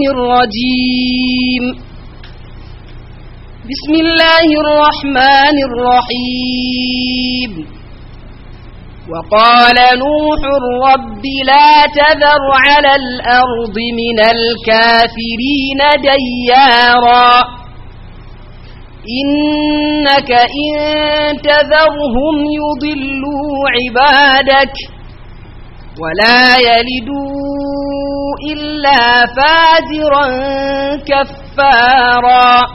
الشيطان الرجيم بسم الله الرحمن الرحيم وقال نوح رب لا تذر على الأرض من الكافرين دياراً إنك إن تذرهم يضلوا عبادك ولا يلدوا إلا فاجرا كفارا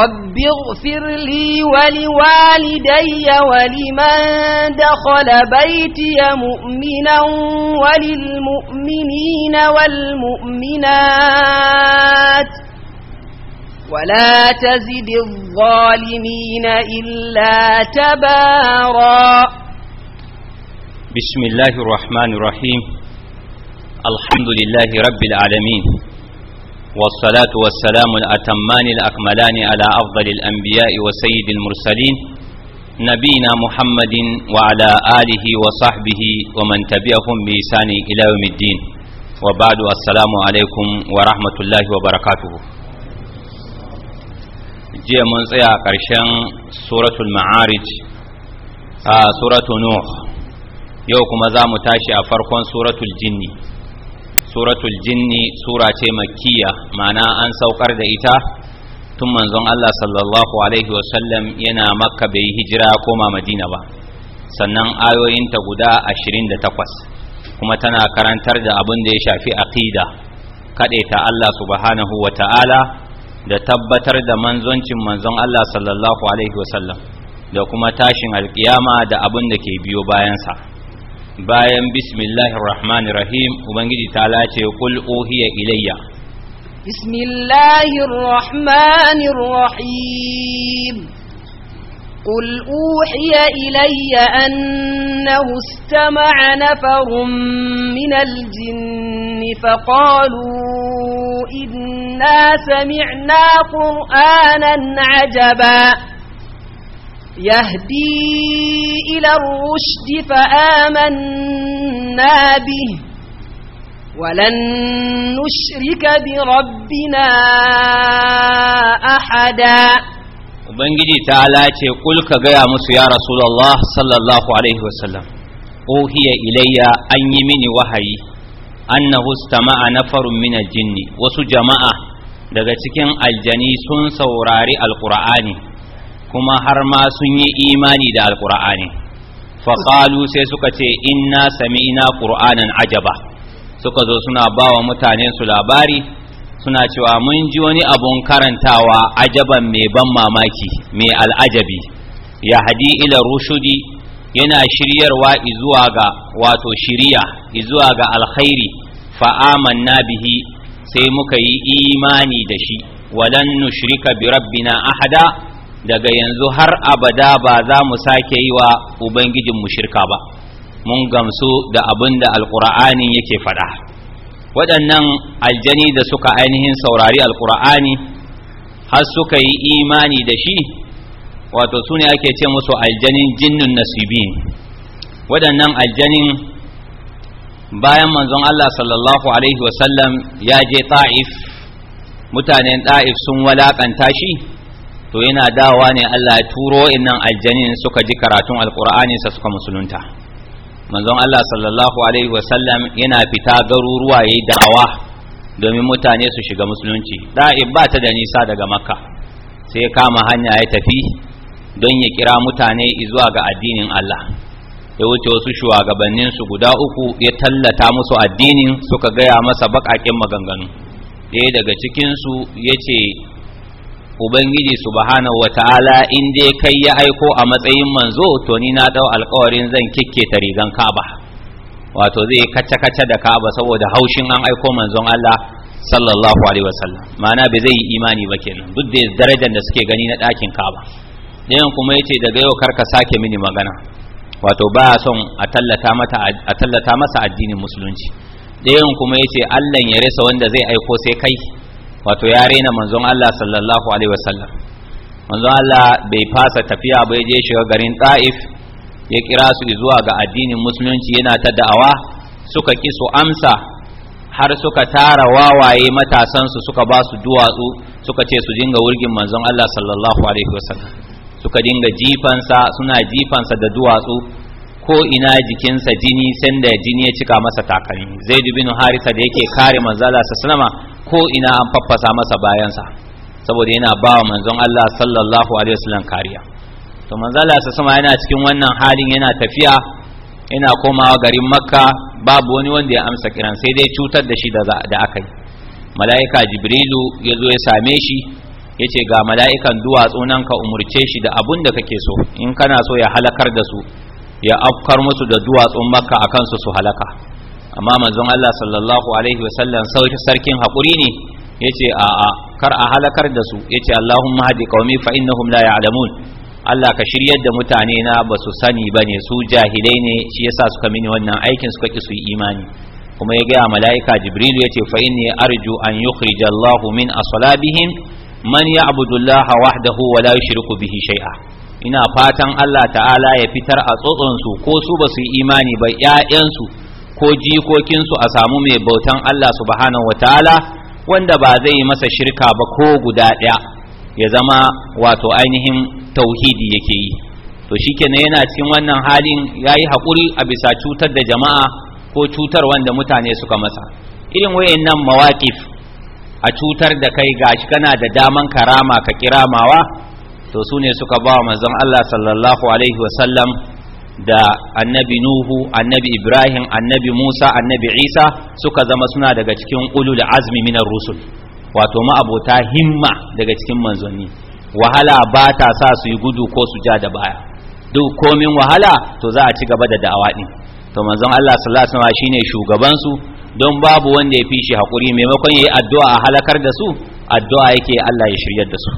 رب اغفر لي ولوالدي ولمن دخل بيتي مؤمنا وللمؤمنين والمؤمنات ولا تزد الظالمين إلا تباراً بسم الله الرحمن الرحيم الحمد لله رب العالمين والصلاة والسلام الأتمان الأكملان على أفضل الأنبياء وسيد المرسلين نبينا محمد وعلى آله وصحبه ومن تبعهم بإسان إلى يوم الدين وبعد السلام عليكم ورحمة الله وبركاته جاء من قرشان سورة المعارج آه سورة نوح yau kuma za mu tashi a farkon suratul jinni suratul jinni sura ce makkiya ma'ana an saukar da ita tun manzon Allah sallallahu alaihi wasallam yana makka bai hijira koma madina ba sannan ayoyinta guda 28 kuma tana karantar da abin da ya shafi aqida ta Allah subhanahu wa ta'ala da tabbatar da manzoncin manzon Allah sallallahu alaihi wasallam da kuma tashin alkiyama da abin da ke biyo bayansa bayan bismillahir rahmanir rahim ubangiji ta lace kul uhiya ilayya bismillahir rahmanir rahim قل أوحي إلي أنه استمع نفر من الجن فقالوا إنا سمعنا قرآنا عجباً يهدي إلى الرشد فآمنا به ولن نشرك بربنا أحدا Ubangiji ta lace kul ka gaya musu ya Rasulullah sallallahu Alaihi wasallam, Ohiya ilayya an yi mini wahayi, annahu stama'a nafarun mina jinni, wasu jama'a daga cikin aljani sun saurari Alƙur'ani. kuma har ma sun yi imani da alkur'ani faƙalu sai suka ce inna ina ƙur'anin ajaba suka zo suna ba wa mutanen su labari suna cewa mun ji wani abun karantawa ajaban mai ban mamaki mai al'ajabi ya hadi ila rushudi yana shiryarwa izuwa ga wato shiriya izuwa ga alkhairi fa'aman bihi sai muka yi imani da shi walan nushrika bi rabbina ahada daga yanzu har abada ba za mu sake yi wa ubangijinmu shirka ba mun gamsu da abin da alƙura'anin yake faɗa waɗannan aljani da suka ainihin saurari alkur'ani har suka yi imani da shi wato su ne ake ce musu aljanin jinnun nasibin waɗannan aljanin bayan manzon Allah sallallahu alaihi wasallam ya je ta'if mutanen ɗa'if sun walaƙanta shi to yana dawa ne Allah ya turo innan aljanin suka ji karatun alqur'ani sa suka musulunta manzon Allah sallallahu alaihi wasallam yana fita garuruwa yayi da'awa domin mutane su shiga musulunci da ba ta da nisa daga makka sai ya kama hanya ya tafi don ya kira mutane zuwa ga addinin Allah ya wuce wasu shugabannin su guda uku ya tallata musu addinin suka gaya masa baƙaƙen maganganu ɗaya daga cikinsu ya ce ubangiji subhanahu wata'ala in dai kai ya aiko a matsayin manzo to ni na dau alƙawarin zan ta rigan kaba wato zai kacce kacce da kaba saboda haushin an aiko manzon Allah sallallahu alaihi wasallam ma'ana bai zai yi imani ba kenan duk da darajar da suke gani na ɗakin kaba dan kuma yace daga yau karka sake mini magana wato ba son a tallata mata a tallata masa addinin musulunci dan kuma yace Allah ya rasa wanda zai aiko sai kai wato ya rena manzon Allah sallallahu alaihi wasallam manzon Allah bai fasa tafiya bai je shiga garin Taif ya kira su zuwa ga addinin musulunci yana ta da'awa suka ki su amsa har suka tara wawaye matasansu suka ba su duwatsu suka ce su dinga wurgin manzon Allah sallallahu alaihi wasallam suka dinga jifansa suna jifansa da duwatsu ko ina jikinsa jini sanda jini ya cika masa takalmi zaid bin harisa da yake kare manzala sallallahu alaihi ko ina an faffasa masa bayansa saboda yana ba wa manzon Allah sallallahu alaihi wasallam kariya to manzon Allah sama yana cikin wannan halin yana tafiya yana komawa garin Makka babu wani wanda ya amsa kiran sai dai cutar da shi da aka yi mala'ika Jibrilu ya zo ya same shi ya ce ga mala'ikan duwatsu nan ka umurce shi da abun da kake so in kana so ya halakar da su ya afkar musu da duwatsun makka akan su su halaka amma manzon Allah sallallahu alaihi wasallam sarkin haƙuri ne yace a a kar a halakar da su yace Allahumma hadi qaumi fa innahum la ya'lamun Allah ka shiryar da mutane na ba su sani bane su jahilai ne shi yasa suka mini wannan aikin suka ki su yi imani kuma ya gaya mala'ika jibril yace fa inni arju an yukhrij Allah min aslabihim man ya'budu Allah wahdahu wa la yushriku bihi shay'a ina fatan Allah ta'ala ya fitar a tsotson su ko su ba su yi imani ba 'ya'yansu ko jikokinsu a samu mai bautan Allah subhanahu ta'ala wanda ba zai yi masa shirka ba ko guda ɗaya ya zama wato ainihin tauhidi yake yi to shikenan yana cikin wannan halin ya yi haƙuri a bisa cutar da jama'a ko cutar wanda mutane suka masa irin nan mawaqif a cutar da kai gashi kana da daman karama ka kiramawa to ne suka ba wa manzon Allah sallallahu alaihi wasallam da annabi nuhu annabi ibrahim annabi musa annabi isa suka zama suna daga cikin ulul azmi minar rusul wato ma'abota himma daga cikin manzanni wahala ba ta sa su yi gudu ko su ja da baya duk komin wahala to za a ci gaba da da'awa din to manzon Allah sallallahu alaihi wasallam shine shugaban su don babu wanda ya fi shi hakuri maimakon yayi addu'a a halakar da su addu'a yake Allah ya shiryar da su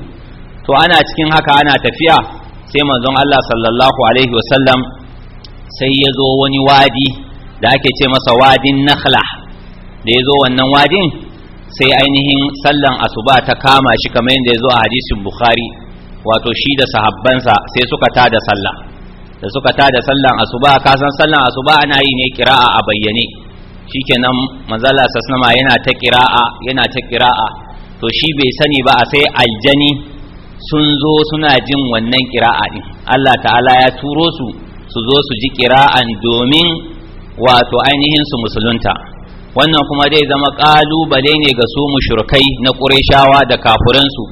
to ana cikin haka ana tafiya sai manzon Allah sallallahu alaihi wasallam sai ya zo wani wadi da ake ce masa wadin nakhla da ya zo wannan wadin sai ainihin sallan asuba ta kama shi kamar yadda ya zo a hadisin bukhari wato shi da sahabbansa sai suka tada sallah da suka tada sallan asuba ka san sallan asuba ana yi ne kira'a a bayyane shikenan manzala sasnama yana ta kira'a yana ta kira'a to shi bai sani ba a sai aljani sun zo suna jin wannan kira'a din Allah ta'ala ya turo su su zo su ji kira'an domin wato ainihin su musulunta wannan kuma zai zama kalubale ne ga su mushrikai na ƙureshawa da kafuransu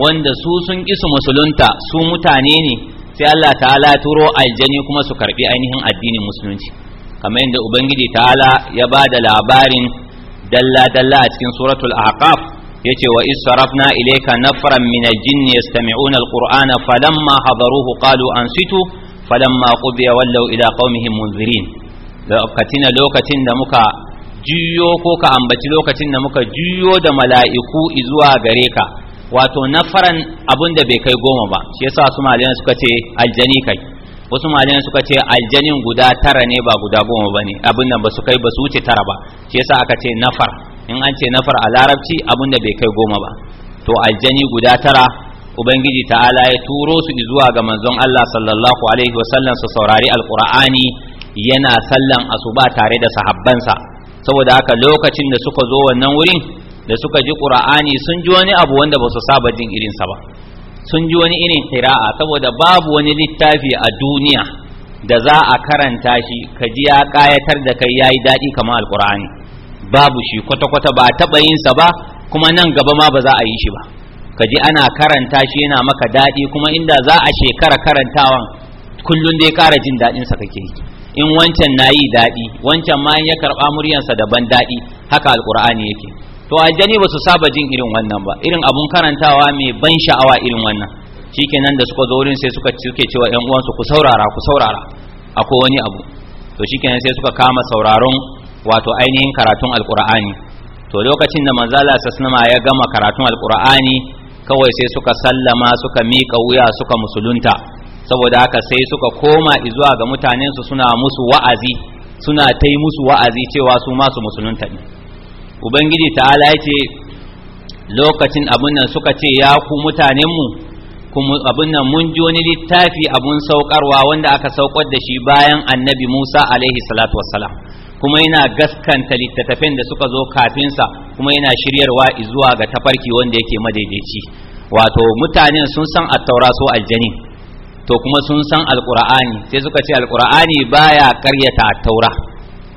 wanda su sun ƙi su musulunta su mutane ne sai Allah ta'ala turo aljani kuma su karbi ainihin addinin musulunci kamar yadda ubangiji ta'ala ya ba da labarin dalla-dalla a cikin suratul ahqaf yace wa is sarafna ilayka nafaran min al-jinni yastami'una al-qur'ana falamma hadaruhu qalu ansitu falamma qudiya wallaw ila qaumihim munzirin lokacin lokacin da muka juyo ko ka ambaci lokacin da muka juyo da mala'iku izuwa gare ka wato nafaran abun da bai kai goma ba shi yasa su malayan suka ce aljani kai wasu malayan suka ce aljanin guda tara ne ba guda goma ba ne abin da ba su kai ba su wuce tara ba shi yasa aka ce nafar in an ce nafar a larabci abin da bai kai goma ba to aljani guda tara ubangiji ta'ala ya turo su zuwa ga manzon Allah sallallahu alaihi wasallam su saurari alqur'ani yana sallan asuba tare da sahabbansa saboda haka lokacin da suka zo wannan wurin da suka ji qur'ani sun ji wani abu wanda ba su saba jin irinsa ba sun ji wani irin qira'a saboda babu wani littafi a duniya da za a karanta shi ka ji ya kayatar da kai yayi dadi kamar alqur'ani babu shi kwata-kwata ba taɓa yinsa ba kuma nan gaba ma ba za a yi shi ba ka ji ana karanta shi yana maka daɗi kuma inda za a shekara karantawan kullum dai ƙara jin daɗinsa kake yi. in wancan na yi daɗi wancan ma ya karɓa muryansa daban daɗi haka alƙur'ani yake to aljani ba su saba jin irin wannan ba irin abun karantawa mai ban sha'awa irin wannan shikenan da suka zo wurin sai suka suke cewa ƴan uwansu ku saurara ku saurara akwai wani abu to shikenan sai suka kama sauraron wato ainihin karatun alƙur'ani to lokacin da manzala sasnama ya gama karatun alƙur'ani kawai sai suka sallama suka miƙa wuya suka musulunta saboda haka sai suka koma izuwa ga mutanensu suna musu wa'azi suna ta musu wa'azi cewa su masu musulunta ne ubangiji ta'ala ya ce lokacin abin nan suka ce ya ku mutanenmu abin nan mun ji wani littafi abun saukarwa wanda aka saukar da shi bayan annabi musa alaihi salatu wassalam kuma yana gaskanta littattafan da suka zo kafinsa kuma yana shiryarwa zuwa ga tafarki wanda yake madaidaici wato mutanen sun san taura so aljani to kuma sun san alqur'ani sai suka ce alqur'ani baya karyata attaura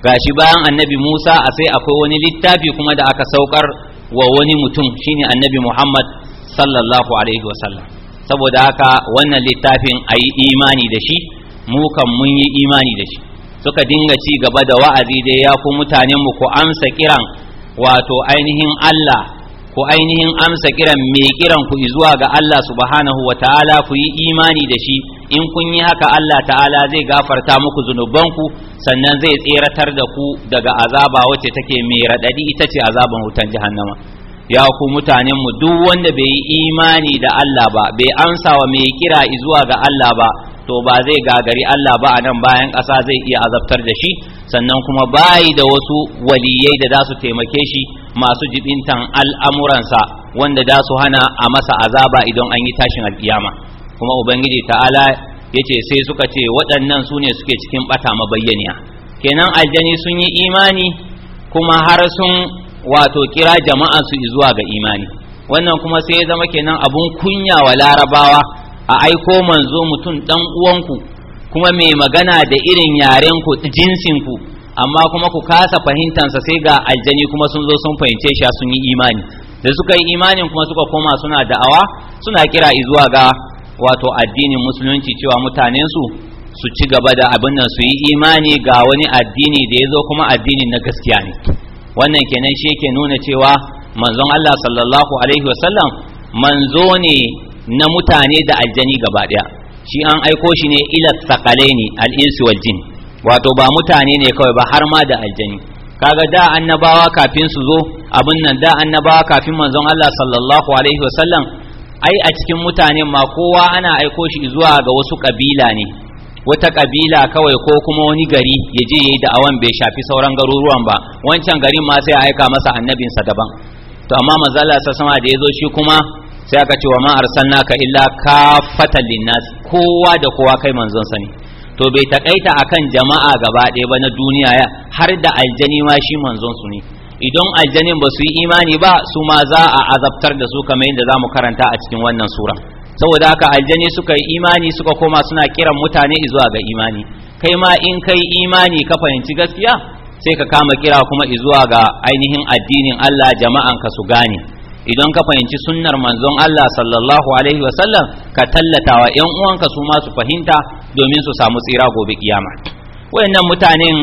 gashi bayan annabi Musa a sai akwai wani littafi kuma da aka saukar wa wani mutum shine annabi Muhammad sallallahu alaihi wasallam saboda haka wannan littafin ayi imani da shi mu kan mun yi imani da shi suka dinga ci gaba da wa'azi dai ya ku mutanen mu ku amsa kiran wato ainihin Allah ku ainihin amsa kiran me kiran ku zuwa ga Allah subhanahu ta'ala ku yi imani da shi in kun yi haka Allah ta'ala zai gafarta muku zunubanku sannan zai tseratar da ku daga azaba wacce take mai radadi ita ce azaban wutan jahannama ya ku mutanen mu duk wanda bai yi imani da Allah ba bai amsa wa mai kira zuwa ga Allah ba to ba zai gagari Allah ba a nan bayan ƙasa zai iya azabtar da shi sannan kuma bayi da wasu waliyyai da za su taimake shi masu jibintan al'amuransa wanda za su hana a masa azaba idan an yi tashin alkiyama kuma ubangiji ta'ala ya ce sai suka ce waɗannan su ne suke cikin ɓata mabayyaniya kenan aljani sun yi imani kuma har sun wato kira jama'ansu zuwa ga imani wannan kuma sai ya zama kenan abun kunya wa larabawa a aiko manzo mutum ɗan uwanku kuma mai magana da irin yarenku jinsinku amma kuma ku kasa fahimtansa sai ga aljani kuma sun zo sun fahimce shi sun yi imani da suka yi imanin kuma suka koma suna da'awa suna kira zuwa ga wato addinin musulunci cewa mutanensu su ci gaba da abin nan su yi imani ga wani addini da ya zo kuma addinin na gaskiya ne wannan kenan shi ke nuna cewa manzon Allah sallallahu alaihi wasallam manzo ne na mutane da aljani gaba daya shi an aiko shi ne ila sakalaini al-insu wal jin wato ba mutane ne kawai ba har ma da aljani kaga da annabawa kafin su zo abin nan da annabawa kafin manzon Allah sallallahu alaihi wasallam ai a cikin mutane ma kowa ana aiko shi zuwa ga wasu kabila ne wata kabila kawai ko kuma wani gari ya je yayi da awan bai shafi sauran garuruwan ba wancan garin ma sai a aika masa annabinsa daban to amma manzon Allah sallallahu da ya zo shi kuma sai aka ce wa ma ka illa kafatan linnas kowa da kowa kai manzon sa ne to bai takaita akan jama'a gaba ɗaya ba na duniya ya har da aljani ma shi manzon su ne idan aljanin ba su yi imani ba su ma za a azabtar da su kamar yadda za karanta a cikin wannan sura saboda haka aljani suka yi imani suka koma suna kiran mutane zuwa ga imani kai ma in kai imani ka fahimci gaskiya sai ka kama kira kuma zuwa ga ainihin addinin Allah jama'an ka su gane idan ka fahimci sunnar manzon Allah sallallahu alaihi wa sallam ka tallatawa yan uwanka su ma su fahimta domin su samu tsira gobe kiyama wayannan mutanen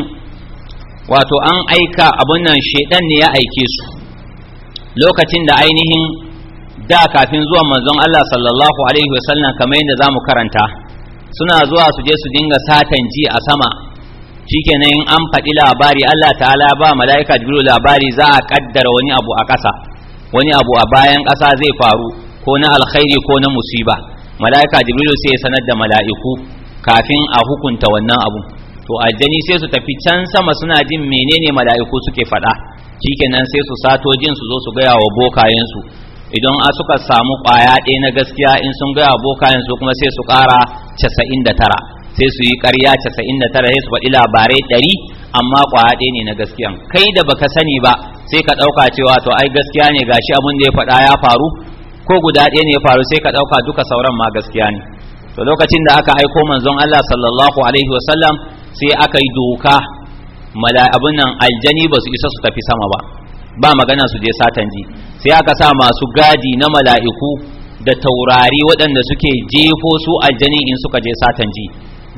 wato an aika abun nan shedan ne ya aike su lokacin da ainihin da kafin zuwan manzon Allah sallallahu alaihi wa sallam kamar yadda zamu karanta suna zuwa su je su dinga satan ji a sama shikenan in an faɗi labari Allah ta'ala ba mala'ika jibril labari za a kaddara wani abu a ƙasa wani abu a bayan ƙasa zai faru ko na alkhairi ko na musiba mala'ika jibrilu sai ya sanar da mala'iku kafin a hukunta wannan abu to aljani sai su tafi can sama suna jin menene mala'iku suke faɗa shikenan sai su sato jin su zo su gaya wa bokayensu idan a suka samu ƙwaya ɗaya na gaskiya in sun gaya wa bokayensu kuma sai su ƙara casa'in da tara sai su yi ƙarya casa'in da tara sai su faɗi labarai ɗari amma ƙwaya ɗaya ne na gaskiya kai da baka sani ba sai ka ɗauka cewa to ai gaskiya ne gashi abin da ya faɗa ya faru ko guda ɗaya ne ya faru sai ka ɗauka duka sauran ma gaskiya ne to lokacin da aka aiko manzon Allah sallallahu alaihi wasallam sai aka yi doka abin nan aljani ba su isa su tafi sama ba ba magana su je satan ji sai aka sa masu gadi na mala'iku da taurari waɗanda suke jefo su aljani in suka je satan ji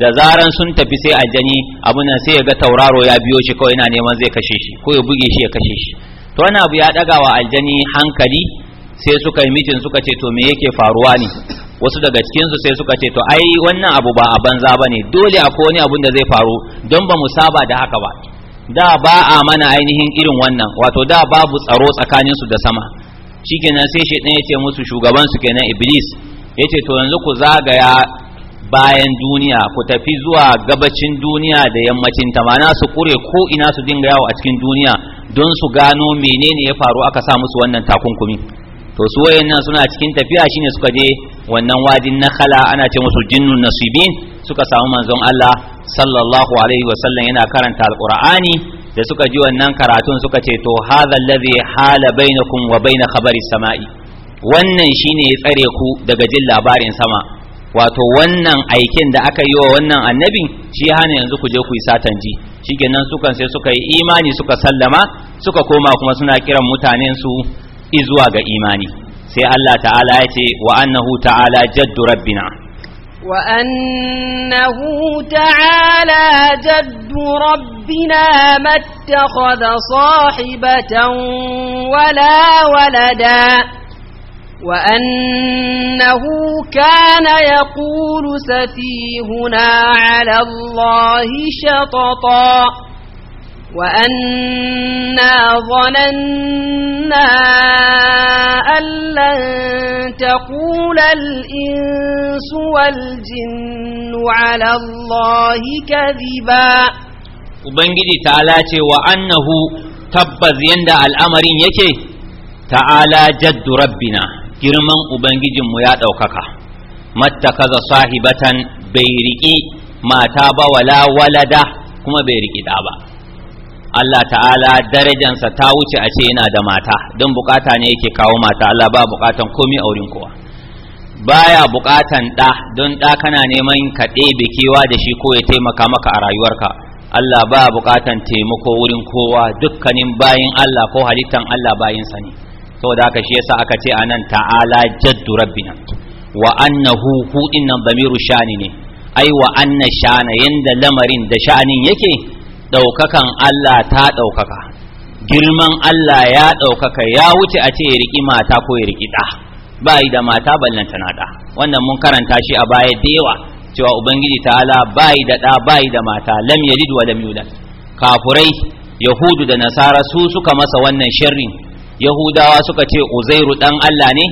da zaran sun tafi sai a jani abun sai ya ga tauraro ya biyo shi kawai yana neman zai kashe shi ko ya buge shi ya kashe shi to wani abu ya daga wa aljani hankali sai suka yi mitin suka ce to me yake faruwa ne wasu daga cikinsu sai suka ce to ai wannan abu ba a banza ba ne dole akwai wani abun da zai faru don ba mu saba da haka ba da ba a mana ainihin irin wannan wato da babu tsaro tsakaninsu da sama shikenan sai shaidan ya ce musu shugabansu kenan iblis ya ce to yanzu ku zagaya bayan duniya ku tafi zuwa gabacin duniya da yammacin ta mana su kure ko ina su dinga yawo a cikin duniya don su gano menene ya faru aka sa musu wannan takunkumi to su wayannan suna cikin tafiya shine suka je wannan wadin kala ana ce musu jinnun nasibin suka samu manzon Allah sallallahu alaihi wasallam yana karanta alqur'ani da suka ji wannan karatun suka ce to hadha allazi hala bainakum wa bain khabari samai wannan shine ya tsare ku daga jin labarin sama wato wannan aikin da aka yi wa wannan annabin shi hana yanzu ku je ku yi satan ji shikenan sukan sai suka yi imani suka sallama suka koma kuma suna kiran mutanen su izuwa ga imani sai Allah ta'ala ya ce wa annahu ta'ala jaddu rabbina wa annahu ta'ala jaddu rabbina mattakhadha sahibatan wala walada وأنه كان يقول سفيهنا على الله شططا وأنا ظننا أن لن تقول الإنس والجن على الله كذبا وبنجي تعالى وأنه تبذ يندى الأمر يكي تعالى جد ربنا girman ubangijinmu ya ɗaukaka mattakaza sahibatan bai riƙi mata ba wala walada kuma bai riƙi ɗa ba Allah ta'ala darajansa ta wuce a ce yana da mata don bukata ne yake kawo mata Allah ba bukatan komi auren kowa baya bukatan ɗa don ɗa kana neman ka ɗebe kewa da shi ko ya taimaka maka a rayuwarka Allah ba bukatan taimako wurin kowa dukkanin bayin Allah ko halittan Allah bayinsa ne saboda haka shi yasa aka ce anan ta'ala jaddu rabbina wa annahu hu dinnan damiru shani ne ai wa anna shana yanda lamarin da sha'anin yake daukakan Allah ta daukaka girman Allah ya daukaka ya wuce a ce ya riki mata ko ya riki da ba yi da mata ballanta na da wannan mun karanta shi a baya da yawa cewa ubangiji ta'ala ba yi da da ba yi da mata lam yalid wa lam yulad kafurai yahudu da nasara su suka masa wannan sharrin yahudawa suka ce uzairu dan Allah ne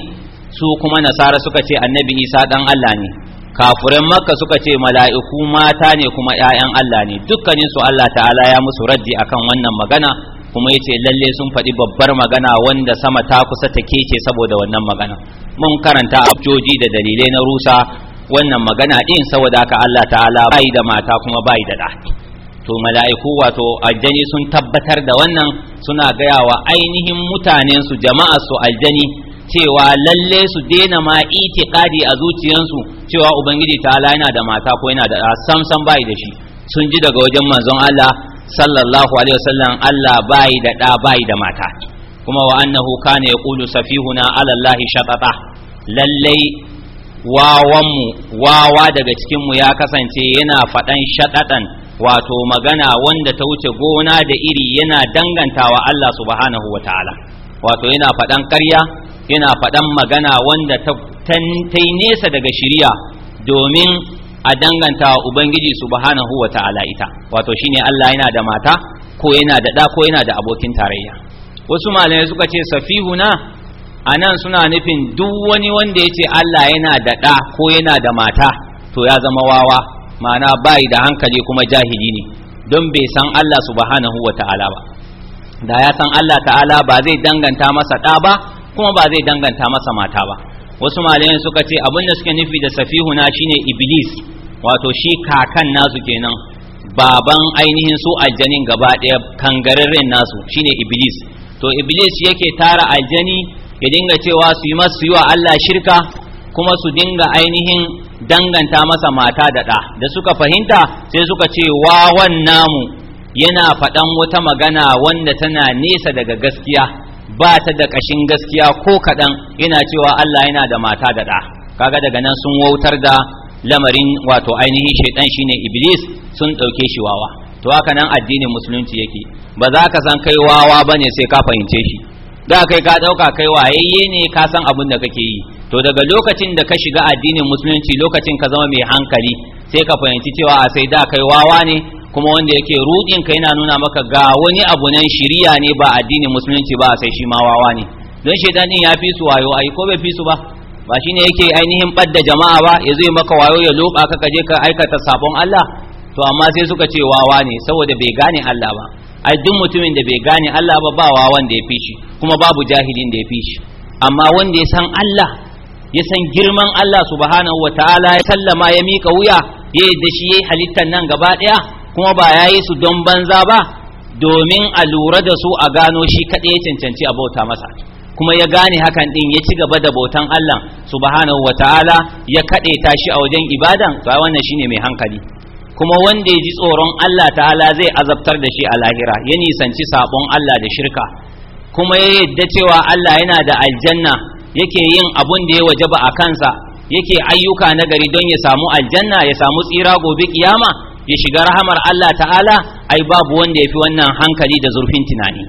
su kuma nasara suka ce annabi isa dan Allah ne kafuran makka suka ce mala'iku mata ne kuma ‘ya'yan Allah ne dukkanin su Allah ta'ala ya musu raddi akan wannan magana kuma yace lalle sun faɗi babbar magana wanda sama ta kusa ta kece saboda wannan magana mun karanta abjoji da dalilai na rusa wannan magana din saboda haka Allah ta'ala bai da mata kuma bai da ɗa to mala'iku wato aljani sun tabbatar da wannan suna gaya wa ainihin mutanen su jama'a su aljani cewa lalle su daina ma itiqadi a zuciyansu cewa ubangiji ta'ala yana da mata ko yana da sam sam bai da shi sun ji daga wajen manzon Allah sallallahu alaihi wasallam Allah bai da da bai da mata kuma wa annahu kana yaqulu safihuna ala Allah shatata lalle wawanmu wawa daga cikin mu ya kasance yana faɗan shaɗaɗan wato magana wanda ta wuce gona da iri yana dangantawa Allah subhanahu wa ta'ala wato yana faɗan ƙarya yana faɗan magana wanda ta yi nesa daga shiriya domin a dangantawa ubangiji subhanahu wa ta'ala ita wato shine Allah yana da mata ko yana da ɗa ko yana da abokin tarayya wasu malamai suka ce safihuna a nan suna nufin duk wani wanda ya ce Allah yana da ɗa ko yana da mata to ya zama wawa ma'ana bai da hankali kuma jahili ne don bai san Allah subhanahu wa ta'ala ba da ya san Allah ta'ala ba zai danganta masa ɗa ba kuma ba zai danganta masa mata ba wasu malamai suka ce abin da suke nufi da safihu na shine iblis wato shi kakan nasu kenan baban ainihin su aljanin gaba ɗaya kangararren nasu shine iblis to iblis yake tara aljani ya dinga cewa su yi masu yi wa Allah shirka kuma su dinga ainihin danganta masa mata da ɗa da suka fahimta sai suka ce wawan namu yana faɗan wata magana wanda tana nesa daga gaskiya ba ta da ƙashin gaskiya ko kaɗan yana cewa Allah yana da mata da ɗa kaga daga nan sun wautar da lamarin wato ainihin shaidan shine iblis sun ɗauke shi wawa to haka nan addinin musulunci yake ba za ka san kai wawa bane sai ka fahimce shi da kai ka ɗauka kai wayayye ne ka san abin da kake yi to daga lokacin da ka shiga addinin musulunci lokacin ka zama mai hankali sai ka fahimci cewa a sai da kai wawa ne kuma wanda yake rudin ka yana nuna maka ga wani abu nan shiriya ne ba addinin musulunci ba sai shi ma wawa ne don shaitan din ya fi su wayo ai ko bai fi su ba ba shine yake ainihin badda jama'a ba ya zai maka wayo ya loba ka kaje ka aikata sabon Allah to amma sai suka ce wawa ne saboda bai gane Allah ba ai duk mutumin da bai gane Allah ba ba wawan da ya fi shi kuma babu jahilin da ya fi shi amma wanda ya san Allah ya san girman Allah subhanahu wa ta'ala ya sallama ya mika wuya ya yi da shi ya yi halittar nan gaba ɗaya kuma ba ya yi su don banza ba domin a lura da su a gano shi kaɗai ya cancanci a bauta masa kuma ya gane hakan ɗin ya ci gaba da bautan Allah subhanahu wa ta'ala ya kaɗe ta shi a wajen ibadan Ba wannan shine mai hankali kuma wanda ya ji tsoron Allah ta'ala zai azabtar da shi a lahira ya nisanci saɓon Allah da shirka kuma ya yadda cewa Allah yana da aljanna yake yin abun da ya wajaba a kansa yake ayyuka na gari don ya samu aljanna ya samu tsira gobe kiyama ya shiga rahamar Allah ta'ala ai babu wanda ya fi wannan hankali da zurfin tunani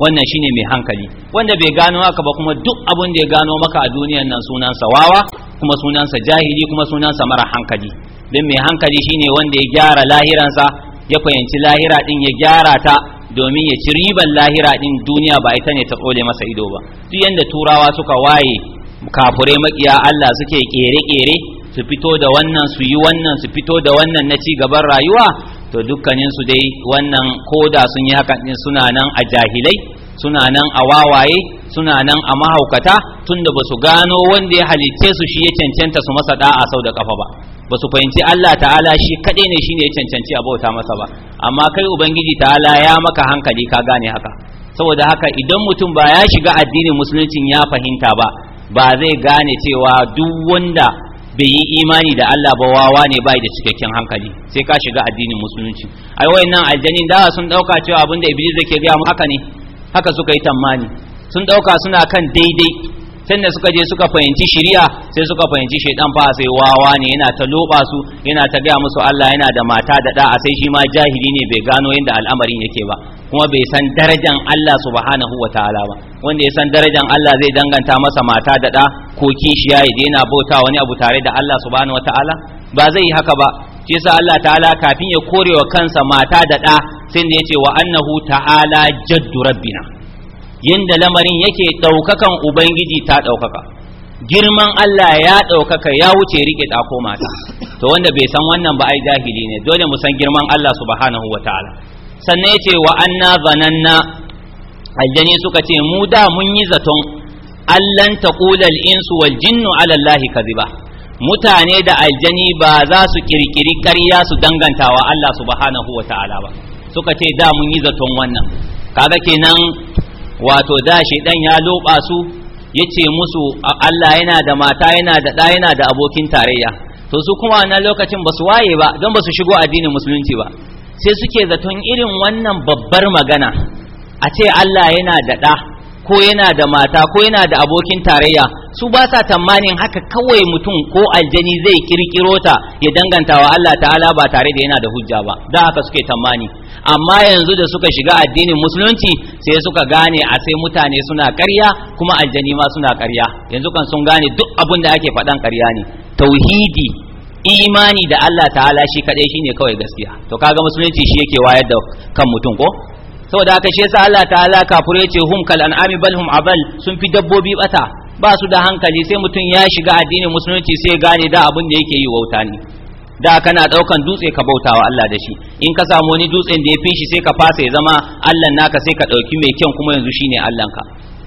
wannan shine mai hankali wanda bai gano haka ba kuma duk abun da ya gano maka a duniyar nan sunansa wawa kuma sunansa jahili kuma sunansa mara hankali don mai hankali shine wanda ya gyara lahiransa ya fahimci lahira din ya gyara ta domin ya ci ribar lahira din duniya ba ita ne ta tsole masa ido ba duk yanda turawa suka waye kafure makiya Allah suke kere-kere su fito da wannan su yi wannan su fito da wannan na ci gaban rayuwa to dukkanin su dai wannan koda sun yi haka din suna nan a jahilai suna nan a wawaye suna nan a mahaukata tunda ba su gano wanda ya halicce su shi ya cancanta su masa da'a sau da kafa ba ba su fahimci Allah ta'ala shi kaɗai ne shi ne ya cancanci a bauta masa ba amma kai ubangiji ta'ala ya maka hankali ka gane haka saboda haka idan mutum ba ya shiga addinin musulunci ya fahimta ba ba zai gane cewa duk wanda bai yi imani da Allah ba wawa ne bai da cikakken hankali sai ka shiga addinin musulunci ai wayannan aljanin da sun dauka cewa abinda iblis yake ga mu haka ne haka suka yi tammani sun dauka suna kan daidai sai da suka je suka fahimci shiriya sai suka fahimci shaidan fa sai wawa ne yana ta loba su yana ta gaya musu Allah yana da mata da a sai shi ma jahili ne bai gano yadda al'amarin yake ba kuma bai san darajan Allah subhanahu wa ta'ala ba wanda ya san darajan Allah zai danganta masa mata da da ko kishiya ya daina bauta wani abu tare da Allah subhanahu wa ta'ala ba zai yi haka ba shi yasa Allah ta'ala kafin ya korewa kansa mata da da sai ya ce wa annahu ta'ala jaddu rabbina yanda lamarin yake daukakan ubangiji ta daukaka girman Allah ya daukaka ya wuce rike dako mata to wanda bai san wannan ba ai jahili ne dole mu san girman Allah subhanahu ta'ala sannan ce wa anna zananna aljani suka ce mu da mun yi zaton allan taqulal insu wal jinnu ala allahi kadhiba mutane da aljani ba za su kirkiri ƙarya su dangantawa Allah subhanahu ta'ala ba suka ce da mun yi zaton wannan kaga kenan wato da shedan ya loba su yace musu Allah yana da mata yana da da yana da abokin tarayya to su kuma wannan lokacin basu waye ba don basu shigo addinin musulunci ba sai suke zaton irin wannan babbar magana a ce Allah yana da da ko yana da mata ko yana da abokin tarayya su ba sa tamanin haka kawai mutum ko aljani zai kirkiro ta ya danganta wa Allah ta'ala ba tare da yana da hujja ba da haka suke tamani amma yanzu da suka shiga addinin musulunci sai suka gane a sai mutane suna karya kuma aljani ma suna karya yanzu kan sun gane duk abin da ake faɗan karya ne tauhidi imani da Allah ta'ala shi kadai shine kawai gaskiya to kaga musulunci shi yake wayar da kan mutum ko saboda aka shi yasa Allah ta'ala kafure ce hum kal an'ami bal hum abal sun fi dabbobi bata ba su da hankali sai mutum ya shiga addinin musulunci sai ya gane da abin da yake yi wauta ne da kana daukan dutse ka bautawa Allah da shi in ka samu wani dutsen da ya fi shi sai ka fasa ya zama Allah naka sai ka dauki mai kyan kuma yanzu shine Allah ka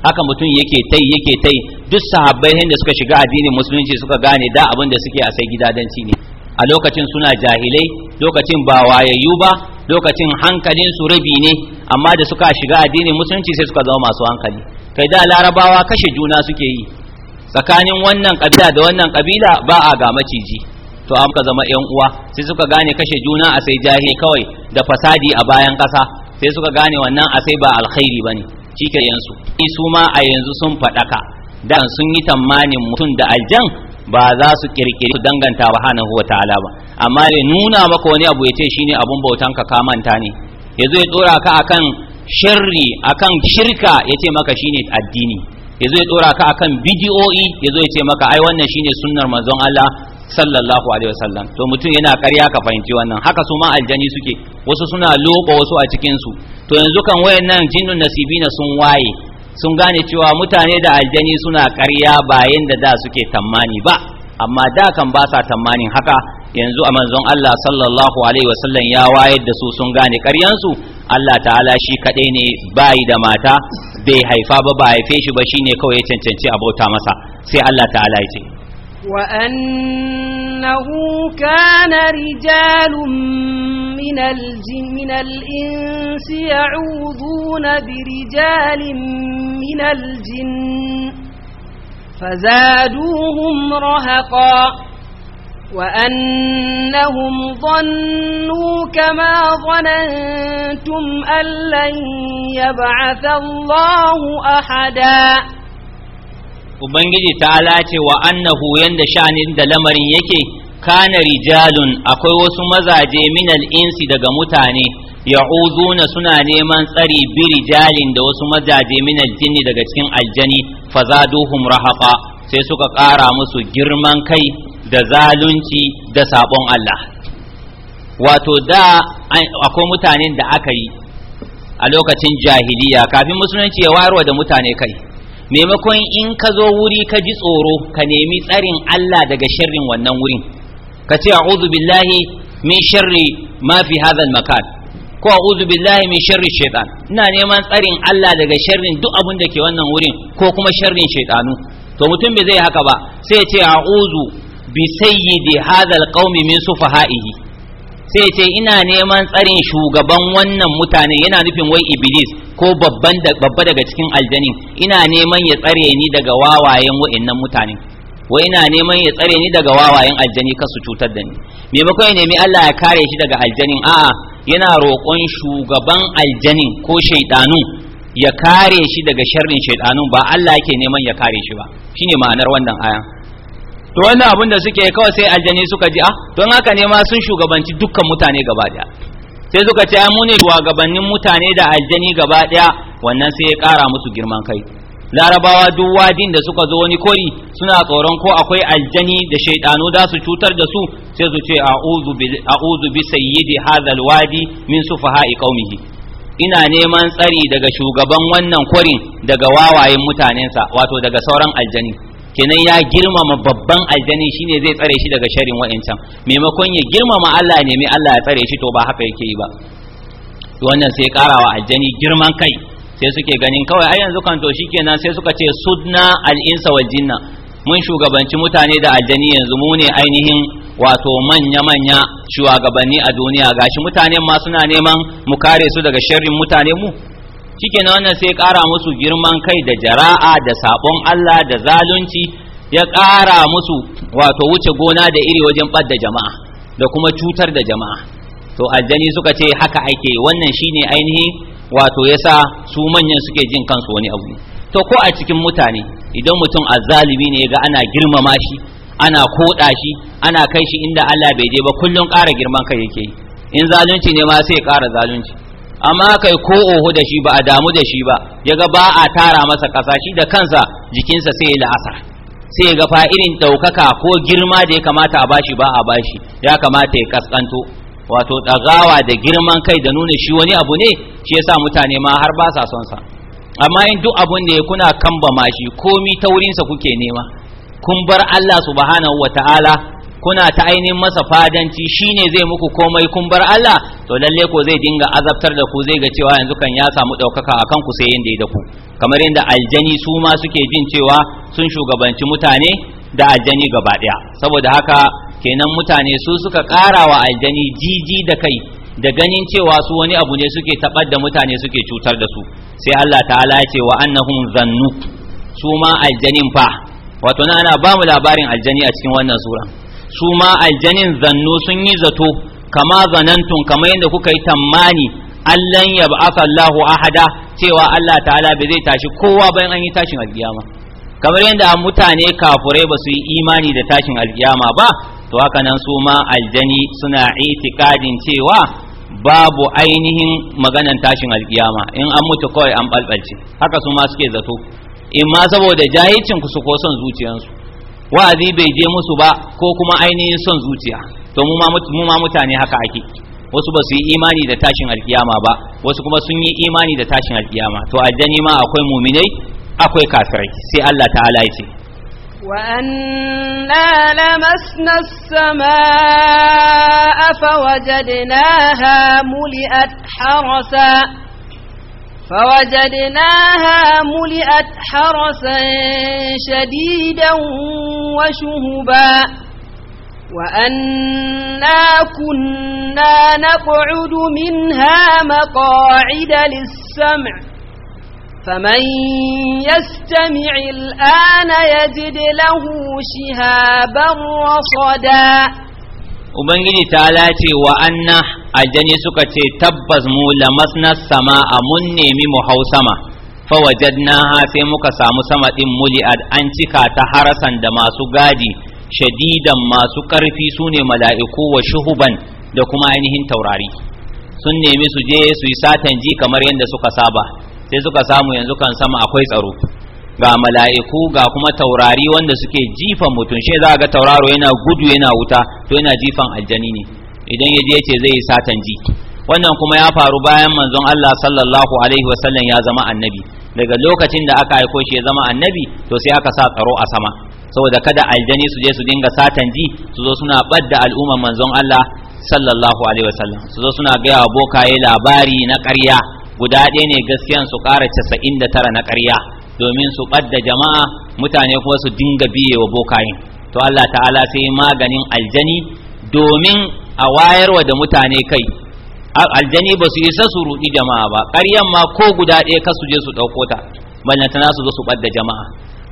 haka mutum yake tai yake tai duk sahabbai da suka shiga addinin musulunci suka gane da abin da suke a sai gidadanci ne a lokacin suna jahilai lokacin ba wayayyu ba lokacin hankalin su rabi ne amma da suka shiga addinin musulunci sai suka zama masu hankali kai da larabawa kashe juna suke yi tsakanin wannan kabila da wannan kabila ba a ga maciji to an ka zama yan uwa sai suka gane kashe juna a sai jahili kawai da fasadi a bayan kasa sai suka gane wannan a sai ba alkhairi bane shike yansu su ma a yanzu sun fadaka dan sun yi tamanin mutum da aljan ba za su kirkiri su danganta wa hana wa ta'ala ba amma ne nuna maka wani abu ya ce shine abun bautan ka ka manta ne ya zo ya dora ka akan shirri akan shirka ya ce maka shine addini ya zo ya dora ka akan bidiyo'i ya zo ya ce maka ai wannan shine sunnar manzon Allah sallallahu alaihi wasallam to mutum yana karya ka fahimci wannan haka su ma aljani suke wasu suna loƙo wasu a cikin su to yanzu kan wayannan jinnun na sun waye sun gane cewa mutane da aljani suna karya bayan da da suke tammani ba amma da kan ba sa tammanin haka yanzu a manzon Allah sallallahu alaihi wasallam ya wayar da su sun gane ƙaryansu Allah ta'ala shi kaɗai ne bayi da mata bai haifa ba ba haife shi ba shine kawai ya cancanci bauta masa sai Allah ta'ala ya ce وأنه كان رجال من الجن من الإنس يعوذون برجال من الجن فزادوهم رهقاً وأنهم ظنوا كما ظننتم أن لن يبعث الله أحدا Ubangiji ta'ala ce wa annahu yanda sha'anin da lamarin yake kana rijalun akwai wasu mazaje minal insi daga mutane ya'uzuna suna neman tsari bi rijalin da wasu mazaje minal jinni daga cikin aljani fazaduhum rahaqa sai suka kara musu girman kai da zalunci da sabon Allah wato da akwai mutanen da aka yi a lokacin jahiliya kafin musulunci ya wayarwa da mutane kai maimakon in ka zo wuri ka ji tsoro ka nemi tsarin Allah daga sharrin wannan wurin ka ce a'udhu billahi min sharri ma fi hadha makan ko a'udhu billahi min sharri shaytan ina neman tsarin Allah daga sharrin duk abin da ke wannan wurin ko kuma sharrin shaytanu to mutum bai zai haka ba sai ya ce a'udhu bi sayyidi hadal qaumi min sufaha'ihi sai ce ina neman tsarin shugaban wannan mutane yana nufin wai iblis ko babban babba daga cikin aljanin ina neman ya tsare ni daga wawayen wa'annan mutane wai ina neman ya tsare ni daga wawayen aljani ka su cutar da ni maimakon ya nemi Allah ya kare shi daga aljanin a'a yana roƙon shugaban aljanin ko shaiɗanu ya kare shi daga sharrin shaiɗanun ba Allah yake neman ya kare shi ba shine ma'anar wannan aya to wannan abin da suke kawai sai aljani suka ji ah don haka ne ma sun shugabanci dukkan mutane gaba daya sai suka ce mu ne shugabannin mutane da aljani gaba daya wannan sai ya kara musu girman kai larabawa duk wadin da suka zo wani kori suna tsoron ko akwai aljani da shaidanu da su cutar da su sai su ce a'udhu bi sayyidi hadhal wadi min sufaha'i qaumihi ina neman tsari daga shugaban wannan kwarin daga wawayen mutanensa wato daga sauran aljani kenan ya girmama babban aljani shine zai tsare shi daga sharin wa'ancan maimakon ya girmama Allah ya nemi Allah ya tsare shi to ba haka yake yi ba wannan sai karawa aljani girman kai sai suke ganin kawai ai yanzu kan to shikenan sai suka ce sudna al-insa wal jinna mun shugabanci mutane da aljani yanzu mu ne ainihin wato manya-manya shugabanni a duniya gashi mutanen ma suna neman mu kare su daga sharrin mutane mu na wannan sai ƙara musu girman kai da jara'a da saɓon Allah da zalunci ya ƙara musu wato wuce gona da iri wajen ɓadda jama'a da kuma cutar da jama'a to aljani suka ce haka ake wannan shine ainihi wato yasa su manyan suke jin kansu wani abu to ko a cikin mutane idan mutum azzalimi ne ga ana girmama shi ana koɗa shi ana kai shi inda Allah bai je ba kullum ƙara girman kai yake in zalunci ne ma sai ƙara zalunci amma kai ko oho da shi ba a damu da shi ba ya ga ba a tara masa ƙasa shi da kansa jikinsa sai ya la'asa sai ya ga fa irin ɗaukaka ko girma da ya kamata a bashi ba a bashi ya kamata ya kaskanto wato ɗagawa da girman kai da nuna shi wani abu ne shi yasa mutane ma har ba sa son sa amma in duk abun da ya kuna kamba mashi komi taurinsa kuke nema kun bar Allah subhanahu wata'ala kuna ta ainihin masa fadanci ne zai muku komai kun bar Allah to lalle ko zai dinga azabtar da ku zai ga cewa yanzu kan ya samu daukaka akan ku sai yanda ya da ku kamar yanda aljani su ma suke jin cewa sun shugabanci mutane da aljani gaba daya saboda haka kenan mutane su suka ƙara wa aljani jiji da kai da ganin cewa su wani abu ne suke tabar da mutane suke cutar da su sai Allah ta'ala ya ce wa annahum zannu su ma aljanin fa wato na ana ba mu labarin aljani a cikin wannan sura su ma aljanin zannu sun yi zato kama zanantun kama yadda kuka yi tammani allan ya ba'aka Allahu ahada cewa Allah ta'ala bai zai tashi kowa bayan an yi tashin alkiyama kamar yadda mutane kafurai ba su yi imani da tashin alkiyama ba to haka nan su ma aljani suna itikadin cewa babu ainihin maganan tashin alkiyama in an mutu kawai an balbalce haka su ma suke zato in ma saboda jahilcin ku su ko son zuciyansu wa'azi bai je musu ba ko kuma ainihin son zuciya to mu ma mutane haka ake wasu ba su yi imani da tashin alkiyama ba wasu kuma sun yi imani da tashin alkiyama to aljani ma akwai muminai akwai kafirai sai Allah ta'ala ya ce وأنا لمسنا السماء فوجدناها ملئت حرسا فوجدناها ملئت حرسا شديدا وشهبا وأنا كنا نقعد منها مقاعد للسمع فمن يستمع الآن يجد له شهابا رصدا ubangiji ta lace wa anna aljani suka ce tabbas mu lamasna a mun nemi mu hau sama fa na sai muka samu sama din muli'ad an cika ta harasan da masu gadi shadidan masu karfi sune mala'iku wa shuhuban da kuma ainihin taurari sun nemi su je su yi satan ji kamar yadda suka saba sai suka samu yanzu kan sama akwai tsaro ga mala'iku ga kuma taurari wanda suke jifan mutum shi za ga tauraro yana gudu yana wuta to yana jifan aljani ne idan ya je ce zai yi satan ji wannan kuma ya faru bayan manzon Allah sallallahu alaihi wasallam ya zama annabi daga lokacin da aka aiko shi ya zama annabi to sai aka sa tsaro a sama saboda kada aljani su je su dinga satan ji su zo suna badda al'umman manzon Allah sallallahu alaihi wasallam su zo suna gaya wa bokaye labari na ƙarya guda ɗaya ne gaskiyan su ƙara casa'in da tara na ƙarya domin su ɓadda jama'a mutane kuma su dinga biye wa bokayin to Allah ta'ala sai maganin aljani domin a wayarwa da mutane kai aljani ba su isa su ruɗi jama'a ba ƙaryan ma ko guda ɗaya kasu je su ɗauko ta ballantana su zo su ɓadda jama'a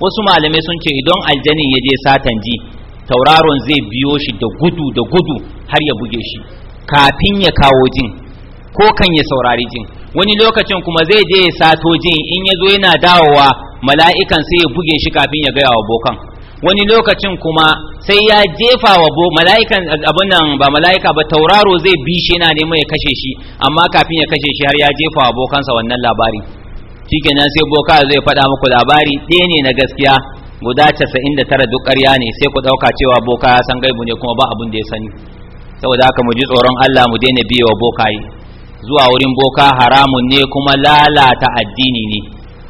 wasu malamai sun ce idan aljanin ya je satan ji tauraron zai biyo shi da gudu da gudu har ya buge shi kafin ya kawo jin ko kan ya saurari jin wani lokacin kuma zai je ya sato jin in ya zo yana dawowa mala'ikan sai ya buge shi kafin ya gaya wa bokan wani lokacin kuma sai ya jefa wa bo mala'ikan abin nan ba mala'ika ba tauraro zai bi shi yana neman ya kashe shi amma kafin ya kashe shi har ya jefa wa bokansa wannan labari shikenan sai boka zai faɗa muku labari ɗaya ne na gaskiya guda casa'in da tara duk ƙarya ne sai ku ɗauka cewa boka ya san gaibu ne kuma ba abin da ya sani saboda haka mu ji tsoron Allah mu daina biye wa bokaye zuwa wurin boka haramun ne kuma lalata addini ne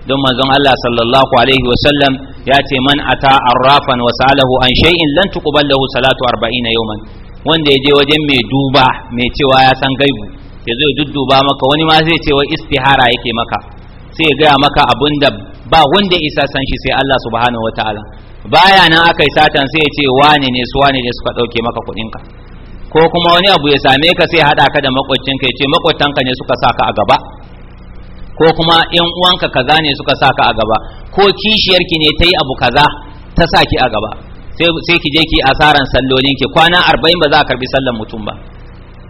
don manzon Allah sallallahu alaihi wasallam ya ce man ata arrafan wa salahu an shay'in lan tuqbal lahu salatu 40 yawman wanda ya je wajen mai duba mai cewa ya san gaibu ya zo dudduba maka wani ma zai ce wai istihara yake maka sai ya gaya maka abin da ba wanda isa san shi sai Allah subhanahu wataala baya nan aka yi satan sai ya ce wane ne su wane ne suka dauke maka kuɗinka ka ko kuma wani abu ya same ka sai hada ka da makwacinka ya ce makwatanka ne suka saka a gaba ko kuma yan uwanka kaza ne suka saka a gaba ko kishiyarki ne ta yi abu kaza ta saki a gaba sai ki je ki asaran sallolin ki kwana arba'in ba za a karbi sallan mutum ba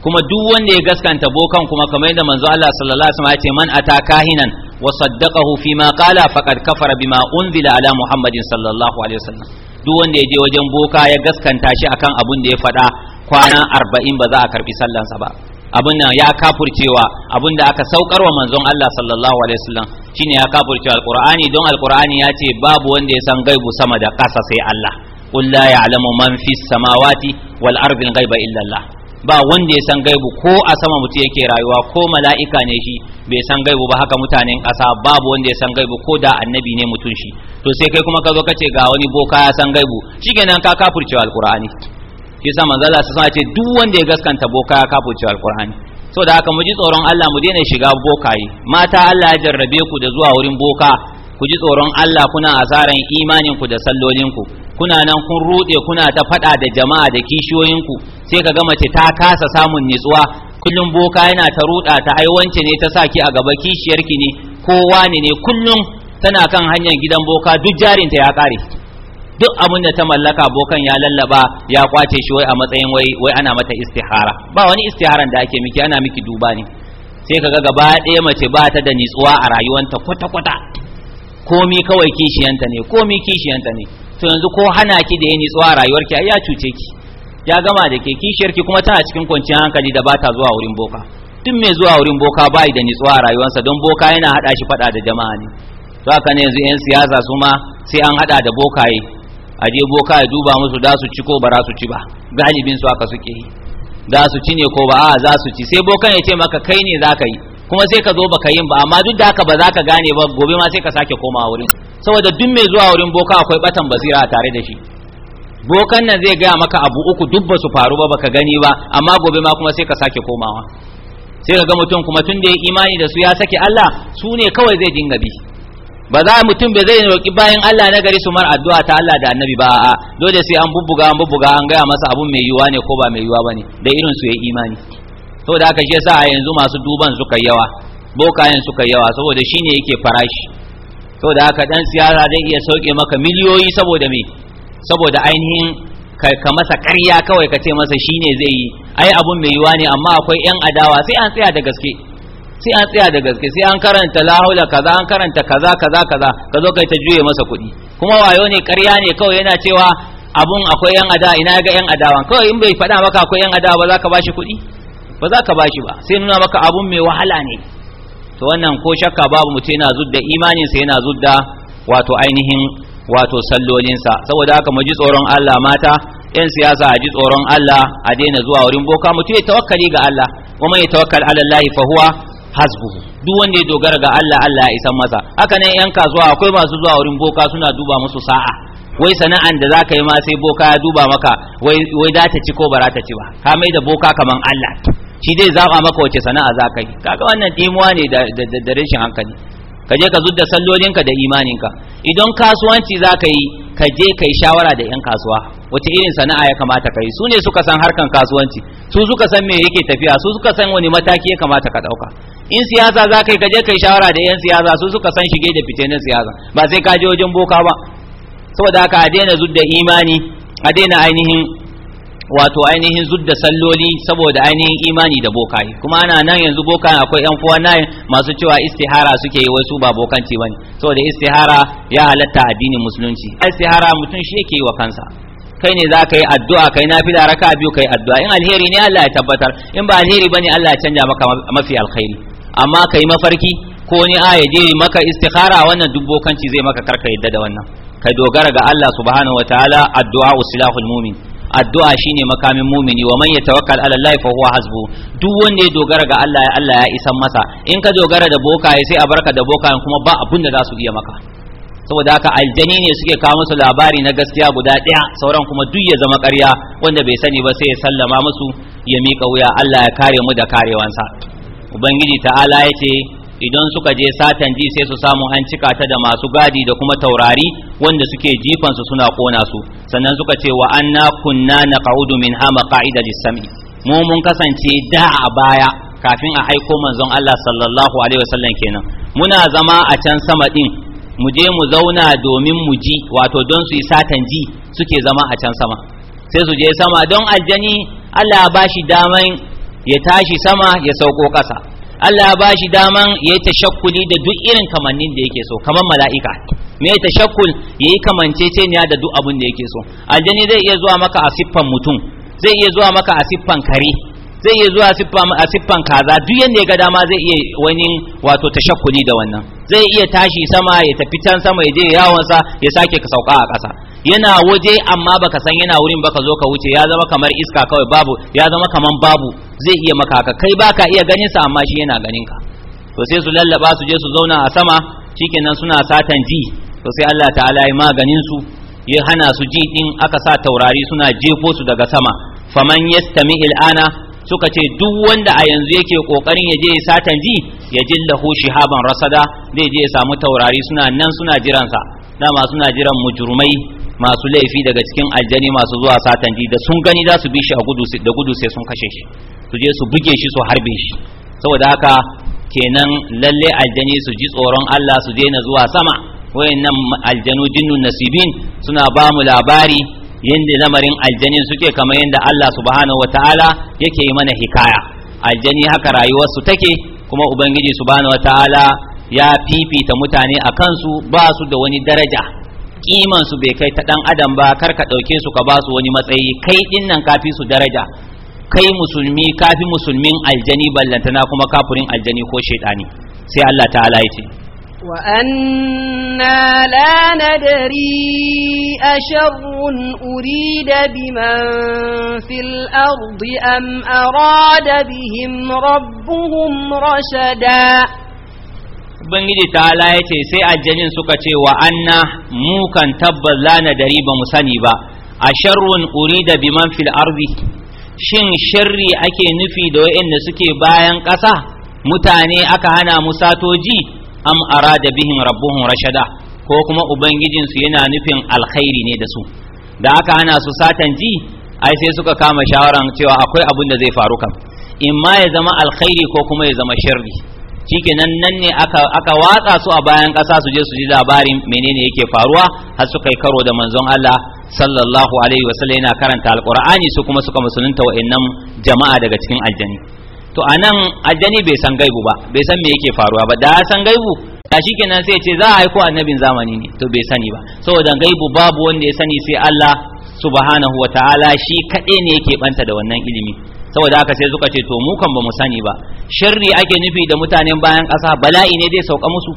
kuma duk wanda ya gaskanta bokan kuma kamar yadda manzo Allah sallallahu alaihi wasallam ya ce man ata kahinan wa saddaqahu ma qala faqad kafara bima unzila ala muhammadin sallallahu alaihi wasallam duk wanda ya je wajen boka ya gaskanta shi akan abun da ya faɗa kwana arba'in ba za a karbi sallansa ba abin nan ya kafurcewa abin da aka saukar wa manzon Allah sallallahu alaihi wasallam shine ya kafurcewa alqur'ani don alqur'ani ya ce babu wanda ya san gaibu sama da ƙasa sai Allah qul la ya'lamu man fis samawati wal ardi ghaiba illa Allah ba wanda ya san gaibu ko a sama mutum yake rayuwa ko mala'ika ne shi bai san gaibu ba haka mutanen ƙasa babu wanda ya san gaibu ko da annabi ne mutum shi to sai kai kuma ka zo ka ce ga wani boka ya san gaibu shikenan ka kafurcewa alqur'ani shi yasa manzo Allah sai ce duk wanda ya gaskanta boka ya kafurce alqur'ani da haka mu ji tsoron Allah mu daina shiga bokayi. mata Allah ya jarrabe ku da zuwa wurin boka ku ji tsoron Allah kuna asaran imanin ku da sallolin ku kuna nan kun rude kuna ta fada da jama'a da kishiyoyin ku sai ga mace ta kasa samun nitsuwa kullum boka yana ta ruda ta aiwance ne ta saki a gaba kishiyarki ne kowa ne ne kullum tana kan hanyar gidan boka duk jarinta ya kare duk abin da ta mallaka bokan ya lallaba ya kwace shi wai a matsayin wai wai ana mata istihara ba wani istiharan da ake miki ana miki duba ne sai kaga gaba ɗaya mace ba ta da nitsuwa a rayuwanta kwata kwata komi kawai kishiyanta ne komi kishiyanta ne to yanzu ko hana ki da ya nitsuwa a rayuwarki ai ya cuce ki ya gama da ke kishiyarki kuma tana cikin kwanciyar hankali da ba ta zuwa wurin boka tun mai zuwa wurin boka bai da nitsuwa a rayuwarsa don boka yana hada shi fada da jama'a ne to ne yanzu 'yan siyasa su ma sai an hada da bokaye aje boka ya duba musu da su ci ko ba su ci ba galibin su haka suke yi da su ci ne ko ba a za su ci sai bokan ya ce maka kai ne za ka yi kuma sai ka zo ba ka yin ba amma duk da haka ba za ka gane ba gobe ma sai ka sake koma wurin saboda duk mai zuwa wurin boka akwai batan basira tare da shi bokan nan zai gaya maka abu uku duk ba su faru ba baka gani ba amma gobe ma kuma sai ka sake komawa sai ka ga mutum kuma tun da ya imani da su ya sake Allah su ne kawai zai dinga bi ba za mutum bai zai roki bayan Allah na gari su mar addu'a ta Allah da annabi ba a'a dole sai an bubbuga an bubbuga an gaya masa abun mai yiwuwa ne ko ba mai yiwuwa bane da irin su yayi imani saboda haka shi yasa yanzu masu duban suka yawa bokayen suka yawa saboda shine yake farashi saboda haka dan siyasa zai iya sauke maka miliyoyi saboda me saboda ainihin ka masa ƙarya kawai ka ce masa shine zai yi ai abun mai yuwa ne amma akwai yan adawa sai an tsaya da gaske sai an tsaya da gaske sai an karanta la kaza an karanta kaza kaza kaza ka zo kai ta juye masa kuɗi kuma wayo ne ƙarya ne kawai yana cewa abun akwai yan ada ina ga yan adawan kawai in bai faɗa maka akwai yan adawa ba za ka bashi kuɗi ba za ka bashi ba sai nuna maka abun mai wahala ne to wannan ko shakka babu mutum yana zudda sa yana zudda wato ainihin wato sa saboda haka mu ji tsoron Allah mata yan siyasa a ji tsoron Allah a daina zuwa wurin boka mutum ya tawakkali ga Allah wa man yatawakkal ala Allah fa huwa hasbuhu duk wanda ya dogara ga Allah Allah ya isan masa haka ne yan kasuwa akwai masu zuwa wurin boka suna duba musu sa'a wai sana'an da zaka yi ma sai boka ya duba maka wai wai za ta ci ko ba ta ci ba ka mai da boka kaman Allah shi zai zaba maka wace sana'a zaka yi kaga wannan dimuwa ne da da rashin hankali ka je ka zudda sallolinka da imaninka idan kasuwanci za ka yi ka ka yi shawara da 'yan kasuwa wace irin sana'a ya kamata ka yi su ne suka san harkan kasuwanci su suka san me yake tafiya su suka san wani mataki ya kamata ka ɗauka in siyasa za ka yi ka je ka yi shawara da 'yan siyasa su suka san shige da fice na siyasa ba sai ka je wajen boka ba saboda haka a daina zudda imani a daina ainihin wato ainihin zudda salloli saboda ainihin imani da boka kuma ana nan yanzu boka akwai yan fuwa nayin masu cewa istihara suke yi wasu ba bokanci bane saboda istihara ya halatta addinin musulunci istihara mutum shi yake yi wa kansa kai ne za ka yi addu'a kai nafila raka biyu kai addu'a in alheri ne Allah ya tabbatar in ba alheri bane Allah ya canja maka mafi alkhairi amma kai mafarki ko ni aya je maka istihara wannan dubbokanci zai maka karka yadda da wannan kai dogara ga Allah subhanahu wataala addu'a usilahul mu'min addu'a shine makamin mumini wa man yatawakkal ala Allah fa huwa hasbu duk wanda ya dogara ga Allah ya Allah ya isan masa in ka dogara da bokaye sai a barka da bokayen kuma ba abun da za su iya maka saboda haka aljani ne suke kawo musu labari na gaskiya guda ɗaya sauran kuma duk ya zama ƙarya wanda bai sani ba sai ya sallama musu ya miƙa wuya Allah ya kare mu da karewansa ubangiji ta'ala ya ce idan suka je satan ji sai su samu an cika ta da masu gadi da kuma taurari wanda suke jifansu suna kona su sannan suka ce wa anna kunna na qa'udu min hama qa'ida lis-sam'i mu mun kasance da a baya kafin a aiko manzon Allah sallallahu alaihi wasallam kenan muna zama a can sama din mu je mu zauna domin mu ji wato don su yi satan ji suke zama a can sama sai su je sama don aljani Allah ya bashi daman ya tashi sama ya sauko ƙasa Allah ba shi daman ya yi tashakkuli da duk irin kamannin da yake so kamar mala'ika me ya tashakkul ya yi kamanceceniya da duk abin da yake so aljani zai iya zuwa maka a siffan mutum zai iya zuwa maka a siffan kare zai iya zuwa a siffan kaza duk yadda ya ga dama zai iya wani wato tashakkuli da wannan zai iya tashi sama ya tafi can sama ya je yawonsa ya sake ka sauka a ƙasa yana waje amma baka san yana wurin baka zo ka wuce ya zama kamar iska kawai babu ya zama kamar babu zai iya maka ka kai baka iya ganin sa amma shi yana ganin ka to sai su lallaba su je su zauna a sama shikenan suna satan ji to sai Allah ta'ala ya maganin su ya hana su ji din aka sa taurari suna jefo su daga sama faman yastami il'ana suka ce duk wanda a yanzu yake kokarin ya je satan ji ya jilla hu shihaban rasada zai je ya samu taurari suna nan suna jiransa dama suna jiran mujrumai masu laifi daga cikin aljani masu zuwa satan ji da sun gani za su bi shi a gudu da gudu sai sun kashe shi su je su buge shi su harbe shi saboda haka kenan lalle aljani su ji tsoron Allah su daina zuwa sama wayannan aljanu jinnun nasibin suna ba mu labari yadda lamarin aljanin suke kamar yadda Allah subhanahu wataala yake yi mana hikaya aljani haka rayuwarsu take kuma ubangiji subhanahu wataala ya fifita mutane a kansu ba su da wani daraja kiman su bai kai ta dan adam ba kar ka dauke su ka ba su wani matsayi kai din nan fi su daraja kai musulmi kafi musulmin aljani ballantana kuma kafirin aljani ko ne, sai Allah ta'ala ya ce wa anna la nadri asharrun urida biman fil ardi am arada bihim rabbuhum rashada ubangiji ta ala ya ce sai aljanin suka ce wa anna mukan tabbas lana dari ba mu sani ba a sharrun urida biman fil ardi shin sharri ake nufi da wa'anda suke bayan ƙasa mutane aka hana mu satoji am da bihin rabbuhum rashada ko kuma ubangijinsu yana nufin alkhairi ne da su da aka hana su satan ji ai sai suka kama shawaran cewa akwai abin da zai faru kam in ma ya zama alkhairi ko kuma ya zama sharri shikenan nan ne aka aka watsa su a bayan ƙasa su je su ji labarin menene yake faruwa har suka karo da manzon Allah sallallahu alaihi wasallam yana karanta alqur'ani su kuma suka musulunta wa'annan jama'a daga cikin aljani to anan aljani bai san gaibu ba bai san me yake faruwa ba da san gaibu da shikenan sai ya ce za a haiko annabin zamani ne to bai sani ba saboda gaibu babu wanda ya sani sai Allah subhanahu wa ta'ala shi kaɗai ne yake banta da wannan ilimi saboda aka sai suka ce to mu kan bamu sani ba sharri ake nufi da mutanen bayan ƙasa bala'i ne zai sauka musu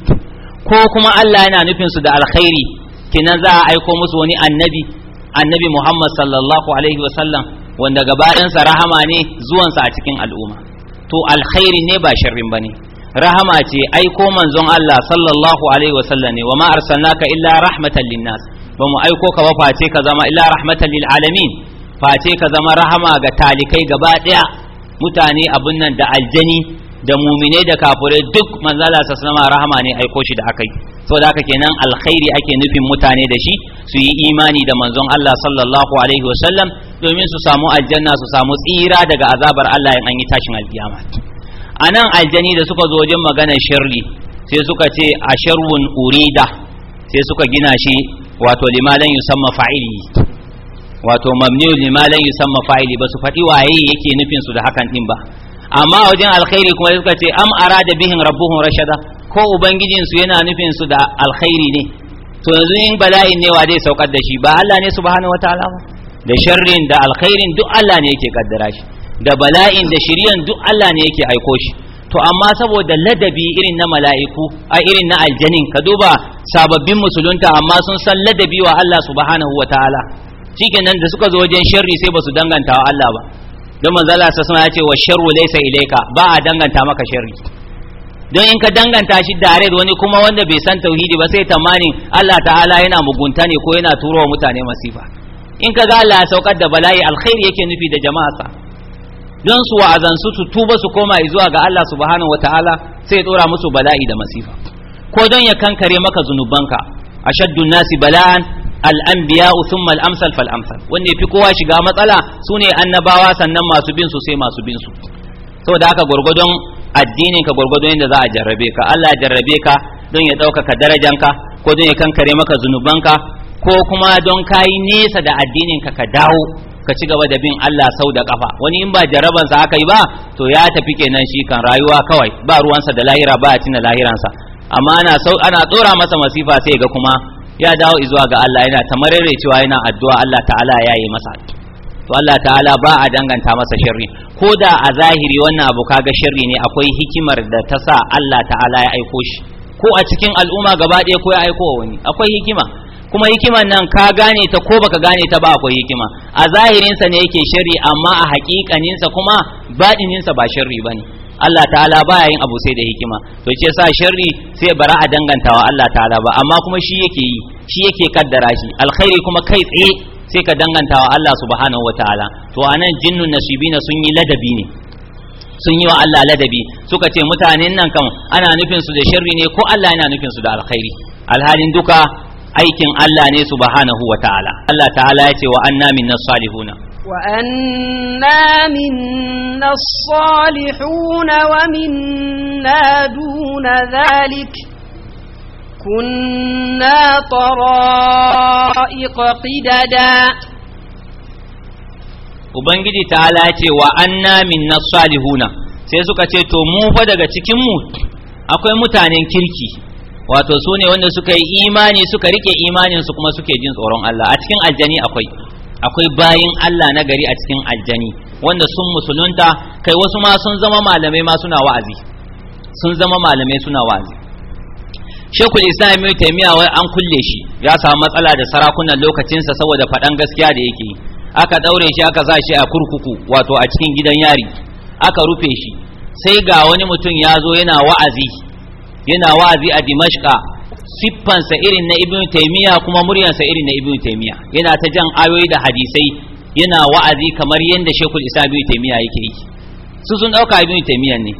ko kuma Allah yana nufin su da alkhairi kinan za a aiko musu wani annabi annabi Muhammad sallallahu alaihi wasallam wanda gabayansa rahama ne zuwansa a cikin al'umma to alkhairi ne ba sharrin bane rahama ce aiko manzon Allah sallallahu alaihi wasallam ne wa ma arsalnaka illa rahmatan linnas ba aiko ka ba face ka zama illa rahmatan lil alamin face ka zama rahama ga talikai gaba daya mutane abun nan da aljani da muminai da kafure duk manzala sa sama rahama ne aiko shi da akai saboda haka kenan alkhairi ake nufin mutane da shi su yi imani da manzon Allah sallallahu alaihi wasallam domin su samu aljanna su samu tsira daga azabar Allah in an yi tashin alkiyama anan aljani da suka zo wajen magana sharri sai suka ce a urida sai suka gina shi wato limalan yusamma fa'ili wato mamniyu lima lan yusamma fa'ili ba su faɗi waye yake nufin su da hakan din ba amma wajen alkhairi kuma suka ce am arada bihin rabbuhum rashada ko ubangijin su yana nufin su da alkhairi ne to yanzu in bala'in ne wa zai saukar da shi ba Allah ne subhanahu wataala ba da sharrin da alkhairin duk Allah ne yake kaddara shi da bala'in da shirin duk Allah ne yake aiko shi to amma saboda ladabi irin na mala'iku a irin na aljanin ka duba sababbin musulunta amma sun san ladabi wa Allah subhanahu wataala shikenan da suka zo wajen sharri sai basu danganta wa Allah ba don manzo Allah sai ya ce wa sharru laysa ilayka ba a danganta maka sharri don in ka danganta shi dare da wani kuma wanda bai san tauhidi ba sai tamani Allah ta'ala yana mugunta ne ko yana turo wa mutane masifa in ka ga Allah ya saukar da bala'i alkhairi yake nufi da jama'a don su wa'azan su tuba su koma zuwa ga Allah subhanahu wataala sai ya tsora musu bala'i da masifa ko don ya kankare maka zunubanka ashaddu nasi bala'an al'anbiya thumma al'amsal fal’amsal wanda wanda fi kowa shiga matsala su sune annabawa sannan masu bin sai masu bin su saboda haka gwargwadon addinin ka gwargwadon yadda za a jarrabe ka Allah jarrabe ka don ya ɗaukaka darajanka ko don ya kankare maka zunubanka ko kuma don ka yi nesa da addinin ka ka dawo ka ci gaba da bin Allah sau da kafa wani in ba jarrabansa aka yi ba to ya tafi kenan shi kan rayuwa kawai ba ruwansa da lahira ba ya cina lahiransa amma ana tsora masa masifa sai ga kuma ya dawo izuwa ga Allah yana ta cewa yana addu'a Allah ta'ala ya yi masa to Allah ta'ala ba a danganta masa shirri. ko da a zahiri wannan abu kaga sharri ne akwai hikimar da ta sa Allah ta'ala ya aiko shi ko a cikin al'umma gaba ɗaya ko ya aiko wani akwai hikima kuma hikimar nan ka gane ta ko baka gane ta ba akwai hikima a zahirinsa ne yake sharri amma a haƙiƙaninsa kuma baɗininsa ba sharri bane Allah ta'ala baya yin abu sai da hikima to ce sa sharri sai bara a dangantawa Allah ta'ala ba amma kuma shi yake yi shi yake kaddara shi alkhairi kuma kai tsaye sai ka dangantawa Allah subhanahu wataala to anan jinnun nasibina sun yi ladabi ne sun yi wa Allah ladabi suka ce mutanen nan kam ana nufin su da sharri ne ko Allah yana nufin su da alkhairi alhalin duka aikin Allah ne subhanahu ta'ala. Allah ta'ala ya ce wa anna minnas salihuna وأنا منا الصالحون ومنا دون ذلك كنا طرائق قددا Ubangiji ta ce wa anna minna salihuna sai suka ce to mu fa daga cikinmu akwai mutanen kirki wato su ne wanda suka yi imani suka rike imaninsu kuma suke jin tsoron Allah a cikin aljani akwai akwai bayin Allah na gari a cikin aljani wanda sun musulunta kai wasu ma sun zama malamai ma suna wa'azi sun zama malamai suna wa'azi shekul islam ibn wai an kulle shi ya samu matsala da sarakunan lokacinsa saboda faɗan gaskiya da yake yi aka daure shi aka sa shi a kurkuku wato a cikin gidan yari aka rufe shi sai ga wani mutum ya zo yana wa'azi yana wa'azi a Dimashqa siffansa irin na ibnu taymiya kuma muryansa irin na ibnu taymiya yana ta jan ayoyi da hadisai yana wa'azi kamar yadda shekul isa ibnu taymiya yake yi su sun dauka ibnu taymiya ne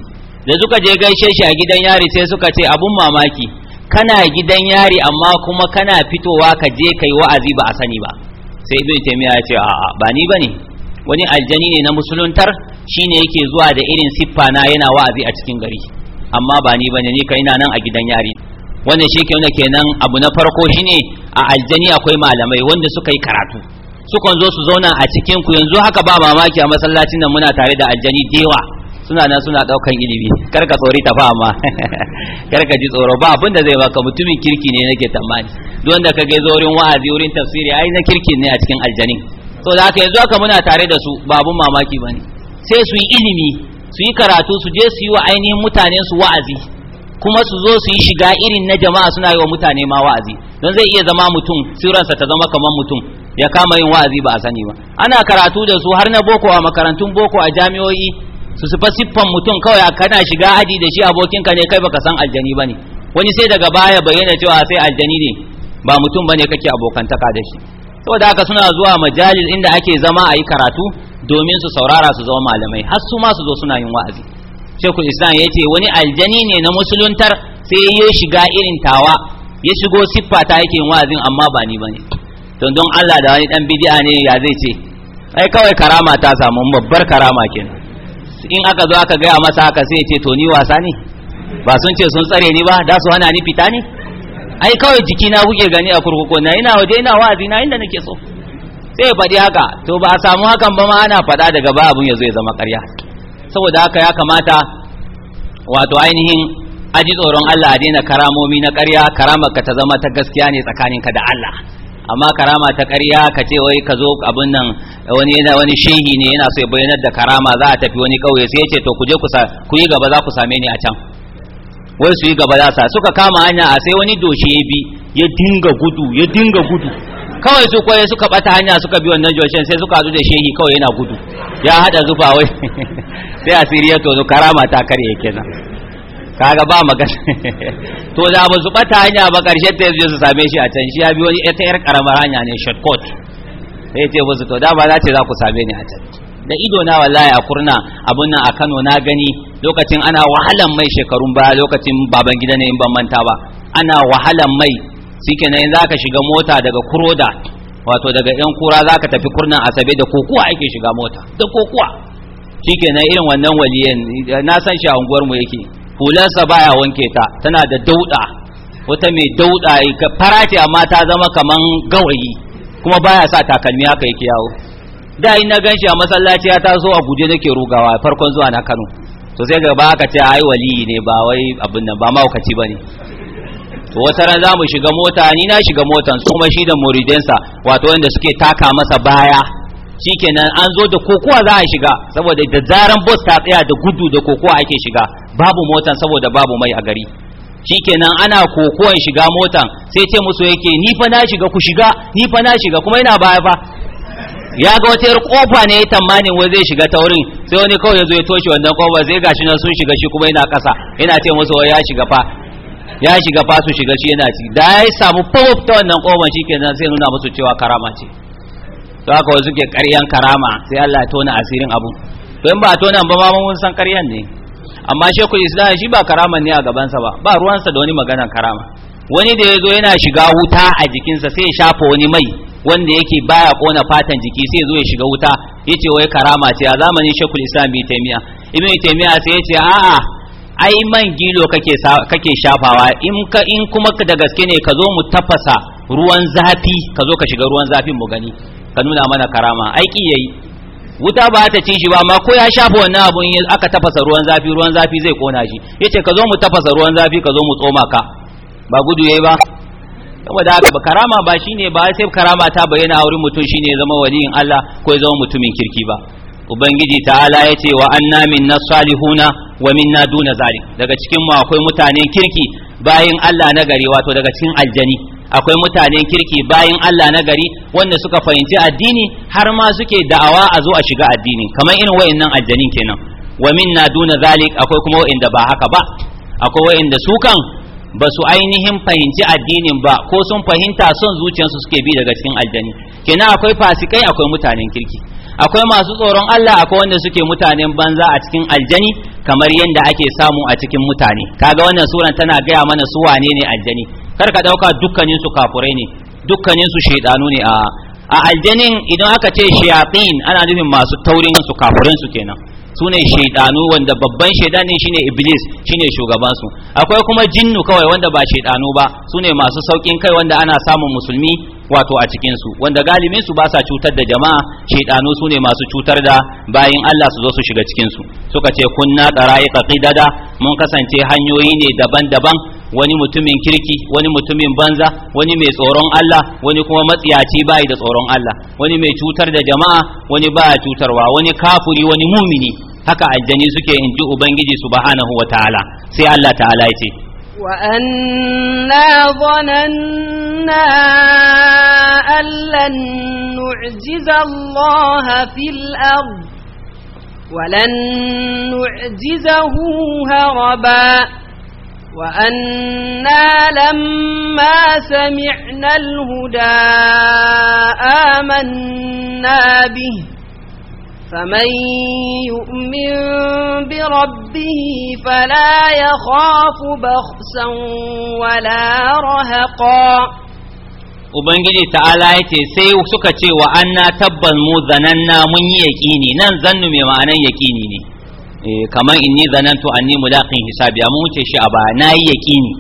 da suka je gaishe shi a gidan yari sai suka ce abun mamaki kana gidan yari amma kuma kana fitowa ka je kai wa'azi ba a sani ba sai ibnu taymiya ya ce a'a ba ni bane wani aljani ne na musuluntar shine yake zuwa da irin siffa na yana wa'azi a cikin gari amma ba ni bane ni kai na nan a gidan yari wannan shi ke kenan abu na farko shine a aljani akwai malamai wanda suka yi karatu sukan zo su zauna a cikin ku yanzu haka ba mamaki a masallacin nan muna tare da aljani dewa suna nan suna daukan ilimi kar ka tsori ta fama kar ka ji tsoro ba abin da zai baka mutumin kirki ne nake tambani duk wanda ka ga zo wurin wa'azi wurin tafsiri ai na kirki ne a cikin aljani so da haka yanzu haka muna tare da su ba abun mamaki bane sai su yi ilimi su yi karatu su je su yi wa ainihin mutanen su wa'azi kuma su zo su yi shiga irin na jama'a suna yi wa mutane ma wa'azi don zai iya zama mutum siransa ta zama kamar mutum ya kama yin wa'azi ba a sani ba ana karatu da su har na boko a makarantun boko a jami'o'i su sufa siffan mutum kawai kana shiga aji da shi abokinka ne kai baka san aljani bane wani sai daga baya bayyana cewa sai aljani ne ba mutum bane kake abokantaka da shi saboda haka suna zuwa majalis inda ake zama a yi karatu domin su saurara su zama malamai har su ma su zo suna yin wa'azi shekul islam ya ce wani aljani ne na musuluntar sai ya shiga irin tawa ya shigo siffa ta yake wazin amma ba ni bane to don Allah da wani dan bid'a ne ya zai ce ai kawai karama ta samu babbar karama kenan in aka zo aka gaya masa haka sai ya ce to ni wasa ne ba sun ce sun tsare ni ba da su hana ni fita ne ai kawai jiki na kuke gani a kurkuku na ina waje ina wa'azi na inda nake so sai ya faɗi haka to ba a samu hakan ba ma ana faɗa daga ba abun ya zo ya zama ƙarya saboda haka ya kamata wato ainihin aji tsoron Allah a daina karamomi na ƙarya karamar ka ta zama ta gaskiya ne tsakaninka da Allah amma karama ta ƙarya ka ce wai ka zo abin nan wani yana wani shehi ne yana so ya bayyana da karama za a tafi wani ƙauye sai ya ce to ku je ku yi gaba za ku same ni a can wai su yi gaba za su suka kama hanya a sai wani doshi ya bi ya dinga gudu ya dinga gudu kawai su koye suka bata hanya suka bi wannan joshen sai suka hadu da shehi kawai yana gudu ya hada zufa wai sai asiri ya tozo karama ta karye kenan kaga ba magana to da ba su bata hanya ba karshe ta yazo su same shi a can shi ya bi wani ita yar karamar hanya ne shortcut sai ce su to da ba za ce za ku same ni a can da ido na wallahi a kurna abun nan a Kano na gani lokacin ana wahalan mai shekarun baya lokacin baban gida ne in ban manta ba ana wahalan mai shikenan za ka shiga mota daga kuroda wato daga yan kura za ka tafi kurnan asabe da kokuwa ake shiga mota da kokuwa shikenan irin wannan waliyan na san shi a unguwar mu yake hularsa baya wanke ta tana da dauda wata mai dauda fara ce amma ta zama kaman gawayi kuma baya sa takalmi haka yake yawo da ina gan shi a masallaci ya taso a guje nake rugawa farkon zuwa na Kano to sai gaba aka ce ai waliyi ne ba wai abin nan ba mahaukaci bane to wata ran zamu shiga mota ni na shiga motan su kuma shi da muridansa wato wanda suke taka masa baya shikenan an zo da kokowa za a shiga saboda da zaran bus ta tsaya da gudu da kokowa ake shiga babu motan saboda babu mai a gari shikenan ana kokowan shiga motan sai ce musu yake ni fa na shiga ku shiga ni fa na shiga kuma yana baya fa ya ga wata kofa ne ya tamanin wai zai shiga ta wurin sai wani kawai ya zo ya toshe wannan kofa sai gashi nan sun shiga shi kuma yana kasa yana ce musu ya shiga fa ya shiga fasu shiga shi yana ci da ya samu pop ta wannan koma ke nan sai nuna musu cewa karama ce to haka wasu ke karyan karama sai Allah ya tona asirin abu to in ba a tona ba ba mun san karyan ne amma sheku islam shi ba karama ne a gabansa ba ba ruwansa da wani maganar karama wani da ya zo yana shiga wuta a jikinsa sai ya shafa wani mai wanda yake baya kona fatan jiki sai zo ya shiga wuta yace wai karama ce a zamanin shekul islam bi taimiya ibn taimiya sai yace a'a ai man gilo kake kake shafawa in ka in kuma da gaske ne ka zo mu tafasa ruwan zafi ka zo ka shiga ruwan zafin mu gani ka nuna mana karama aiki yayi wuta ba ta ci shi ba amma ko ya shafa wannan abun yin aka tafasa ruwan zafi ruwan zafi zai kona shi yace ka zo mu tafasa ruwan zafi ka zo mu tsoma ka ba gudu yayi ba saboda haka karama ba shine ba sai karama ta bayyana a wurin mutum shine zama waliyin Allah ko ya zama mutumin kirki ba ubangiji ta'ala yace wa anna minna salihuna wa minna duna zalik daga cikin mu akwai mutanen kirki bayin Allah na gari wato daga cikin aljani akwai mutanen kirki bayin Allah na gari wanda suka fahimci addini har ma suke da'awa a zo a shiga addini kamar irin wayannan aljanin kenan wa minna duna zalik akwai kuma wayanda ba haka ba akwai wayanda su kan ba su ainihin fahimci addinin ba ko sun fahimta son zuciyarsu suke bi daga cikin aljani kenan akwai fasikai akwai mutanen kirki akwai masu tsoron Allah akwai wanda suke mutanen banza a cikin aljani kamar yadda ake samu a cikin mutane kaga wannan suran tana gaya mana su wane ne aljani kar ka dauka dukkanin su kafurai ne dukkanin su shaidanu ne a a aljanin idan aka ce shayatin ana nufin masu taurin su kafurin su kenan su ne shaidanu wanda babban shaidani shine iblis shine shugaban su akwai kuma jinnu kawai wanda ba shaidanu ba sune masu saukin kai wanda ana samun musulmi wato a cikin su wanda galibin su ba sa cutar da jama'a shedanu sune masu cutar da bayin Allah su zo su shiga cikin su suka ce kunna qara'iqa qidada mun kasance hanyoyi ne daban-daban wani mutumin kirki wani mutumin banza wani mai tsoron Allah wani kuma matsiyaci bai da tsoron Allah wani mai cutar da jama'a wani ya cutarwa wani kafuri wani mumini haka aljani suke inji ubangiji subhanahu wataala sai Allah ta'ala ya وأنا ظننا أن لن نعجز الله في الأرض ولن نعجزه هربا وأنا لما سمعنا الهدى آمنا به فمن يؤمن بربه فلا يخاف بخسا ولا رهقا Ubangiji ta'ala ya ce sai suka ce wa anna tabban mu zananna mun yi yaƙini nan zannu mai ma'anan yaƙini ne kamar inni zanantu anni mulaqin hisabi amma mun ce shi a ba na yi yaƙini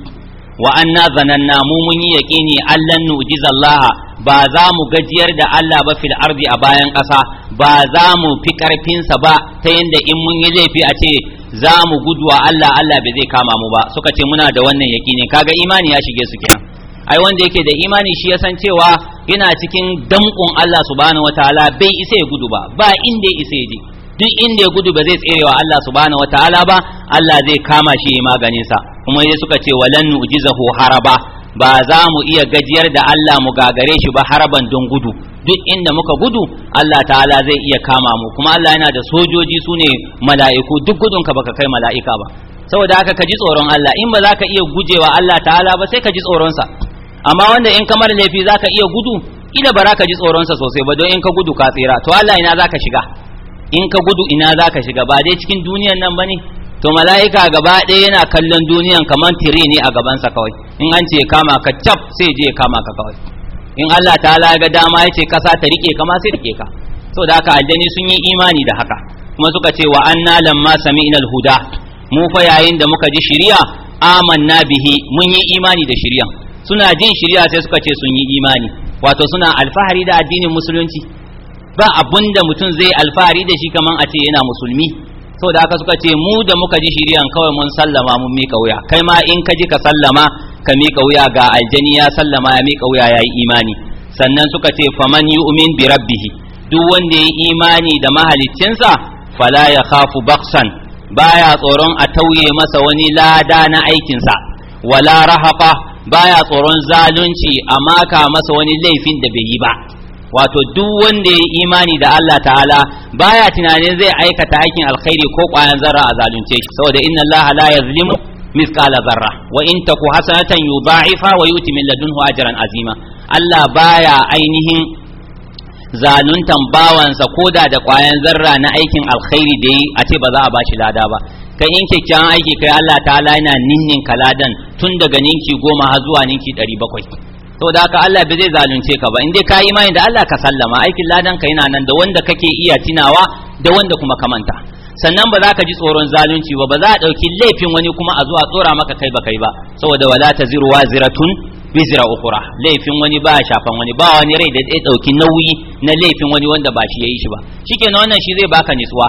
wa anna zananna mu mun yi yaƙini allan nu'jizallaha ba za mu gajiyar da Allah ba fil ardi a bayan ƙasa ba za mu fi ƙarfinsa ba ta yadda in mun yi laifi a ce za mu gudu Allah Allah bai zai kama mu ba suka ce muna da wannan yakinin. kaga imani ya shige su kenan ai wanda yake da imani shi ya san cewa yana cikin damƙon Allah subhanahu wataala bai isa ya gudu ba ba inda ya isa ya je duk inda ya gudu ba zai tsere wa Allah subhanahu wataala ba Allah zai kama shi ya maganin sa kuma dai suka ce walan nu'jizahu haraba ba za mu iya gajiyar da Allah mu gagare shi ba haraban don gudu duk inda muka gudu Allah ta'ala zai iya kama mu kuma Allah yana da sojoji su ne mala'iku duk gudun ka baka kai mala'ika ba saboda haka ka ji tsoron Allah in ba za ka iya gujewa Allah ta'ala ba sai ka ji tsoronsa. amma wanda in kamar laifi za ka iya gudu ila ba za ka ji tsoron sa sosai ba don in ka gudu ka tsira to Allah ina za ka shiga in ka gudu ina za ka shiga ba dai cikin duniyan nan ba ne to mala'ika gaba ɗaya yana kallon duniyan kamar tire ne a gabansa kawai in an ce kama ka cap sai je kama ka kawai in Allah ta ga dama ya ce kasa ta rike kama sai rike ka so da haka aljani sun yi imani da haka kuma suka ce wa anna lamma sami'na alhuda huda mu fa yayin da muka ji shiriya amanna bihi mun yi imani da shiriyan suna jin shiriya sai suka ce sun yi imani wato suna alfahari da addinin musulunci ba abunda mutum zai alfahari da shi kaman a ce yana musulmi saboda haka suka ce mu da muka ji shiriyan kawai mun sallama mun mika wuya kai ma in ka ji ka sallama ka mika wuya ga aljani ya sallama ya mika wuya ya yi imani sannan suka ce faman yu'min bi rabbihi duk wanda ya yi imani da mahaliccinsa fala ya khafu baksan baya tsoron a tauye masa wani lada na aikinsa wala Rahafa baya tsoron zalunci a maka masa wani laifin da bai yi ba wato duk wanda ya imani da Allah ta'ala baya tunanin zai aikata aikin alkhairi ko kwayan zarra a zalunce shi saboda inna Allah la yazlimu mithqala zarra wa in taku hasanatan yudha'ifa wa yuti min ladunhu ajran azima Allah baya ainihin zaluntan bawansa koda da kwayan zarra na aikin alkhairi da yi a ce ba za a bashi lada ba kai in kyakkyawan aiki kai Allah ta'ala yana ninnin Ladan tun daga ninki goma har zuwa ninki ɗari bakwai da haka Allah bai zai zalunce ka ba in dai ka yi imani da Allah ka sallama aikin ladan ka yana nan da wanda kake iya tunawa da wanda kuma ka manta sannan ba za ka ji tsoron zalunci ba ba za a ɗauki laifin wani kuma a zuwa tsora maka kai ba kai ba saboda wala taziru waziratun bizira ukura laifin wani ba shafan wani ba wani rai da zai ɗauki nauyi na laifin wani wanda ba shi yi shi ba shikenan wannan shi zai baka nitsuwa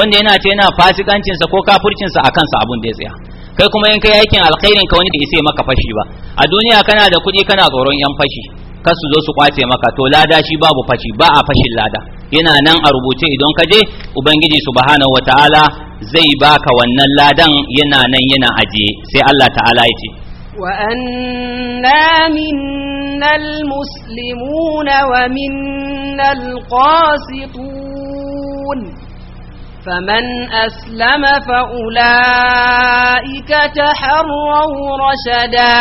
wanda yana ce yana fasikancinsa ko kafircinsa a kansa abun da ya tsaya kai kuma in kai aikin alkhairin ka wani da isa maka fashi ba a duniya kana da kuɗi kana tsoron yan fashi kar su zo su kwace maka to lada shi babu fashi ba a fashin lada yana nan a rubuce idan ka je ubangiji subhanahu wataala zai baka wannan ladan yana nan yana ajiye sai Allah ta'ala ya ce وأنا muslimuna wa minnal القاسطون فمن أسلم فأولئك تحروا رشدا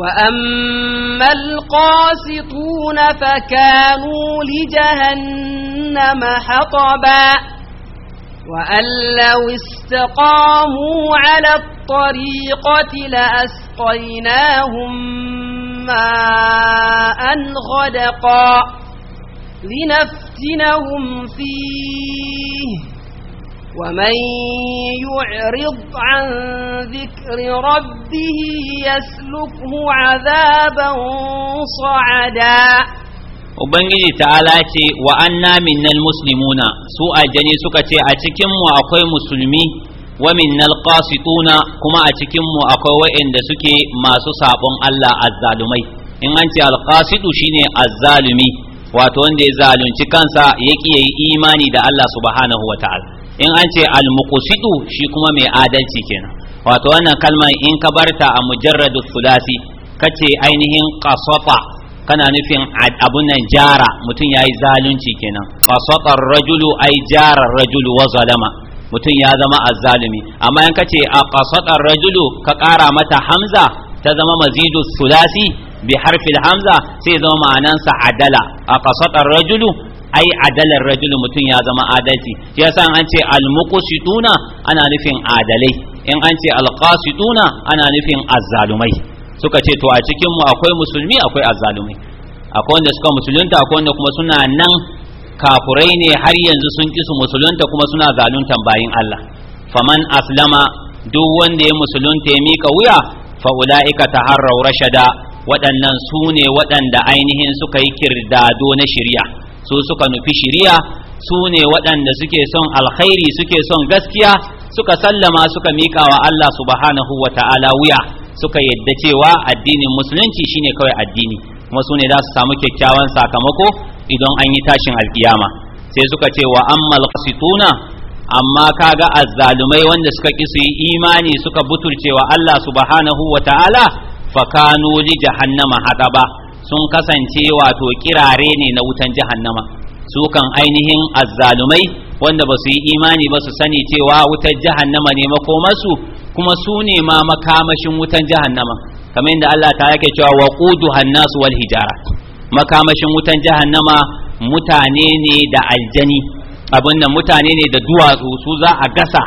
وأما القاسطون فكانوا لجهنم حطبا وأن لو استقاموا على الطريقة لأسقيناهم ماء غدقا لنفتنهم فيه ومن يعرض عن ذكر ربه يسلكه عذابا صعدا Ubangiji ta'ala ce wa anna minnal muslimuna su ajani suka ce a cikinmu akwai musulmi wa minnal qasituna kuma a cikinmu akwai wa'inda suke masu sabon Allah azzalumai in an ce alqasidu shine azzalumi wato wanda ya zalunci kansa yaki yayi imani da Allah subhanahu wa ta'ala in an ce almukusidu shi kuma mai adalci kenan wato wannan kalma in ka barta a mujarradu thulasi kace ainihin qasata kana nufin abun nan jara mutum yayi zalunci kenan qasata rajulu ai jara rajulu wa zalama mutum ya zama azzalumi amma in kace a qasata rajulu ka kara mata hamza ta zama mazidu thulasi bi harfil hamza sai zama ma'anansa adala a qasata rajulu ai adalar rajul mutum ya zama adalci shi yasa an ce almuqsituna ana nufin adalai in an ce alqasituna ana nufin azzalumai suka ce to a cikin mu akwai musulmi akwai azzalumai akwai wanda suka musulunta akwai wanda kuma suna nan kafurai ne har yanzu sun ki su musulunta kuma suna zaluntan bayin Allah faman aslama duk wanda ya musulunta ya mika wuya fa ulaika taharraw rashada waɗannan su ne waɗanda ainihin suka yi kirdado na shirya su suka nufi shiriya su ne waɗanda suke son alkhairi suke son gaskiya suka sallama suka miƙa wa Allah subhanahu wa ta'ala wuya suka yadda cewa addinin musulunci shine kawai addini kuma su ne za su samu kyakkyawan sakamako idan an yi tashin alkiyama sai suka ce wa ammal qasituna amma kaga azzalumai wanda suka ki su yi imani suka wa Allah subhanahu wa ta'ala fakanu li jahannama hadaba sun kasance wato kirare ne na wutan jahannama su kan ainihin azzalumai wanda ba su yi imani ba su sani cewa wutar jahannama ne makomarsu kuma su ne ma makamashin wutan jahannama kamar yadda Allah ta yake cewa wa hannasu nasu wal hijara makamashin wutan jahannama mutane ne da aljani abinda mutane ne da duwatsu su za a gasa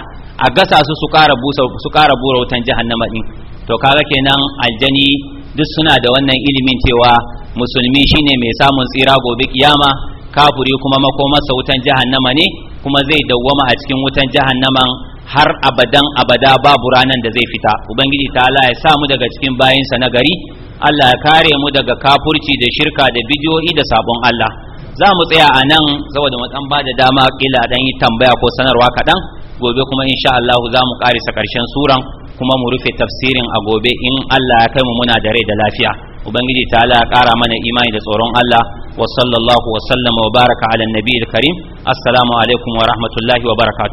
a gasa su su kara busa su kara bura wutan jahannama din to kaga kenan aljani duk suna da wannan ilimin cewa musulmi shine mai samun tsira gobe kiyama kafuri kuma makomarsa wutan jahannama ne kuma zai dawwama a cikin wutan jahannaman har abadan abada babu ranan da zai fita ubangiji ta Allah ya samu daga cikin bayinsa na gari Allah ya kare mu daga kafurci da shirka da bidiyoyi da sabon Allah za mu tsaya a nan saboda mu dan ba da dama kila dan yi tambaya ko sanarwa kaɗan gobe kuma insha Allah za mu karisa karshen suran kuma mu rufe tafsirin a gobe in Allah ya kai mu muna da rai da lafiya ubangiji ta'ala ya kara mana imani da tsoron Allah wa sallallahu wa sallama wa baraka ala nabiyil karim assalamu alaikum wa rahmatullahi wa barakatuh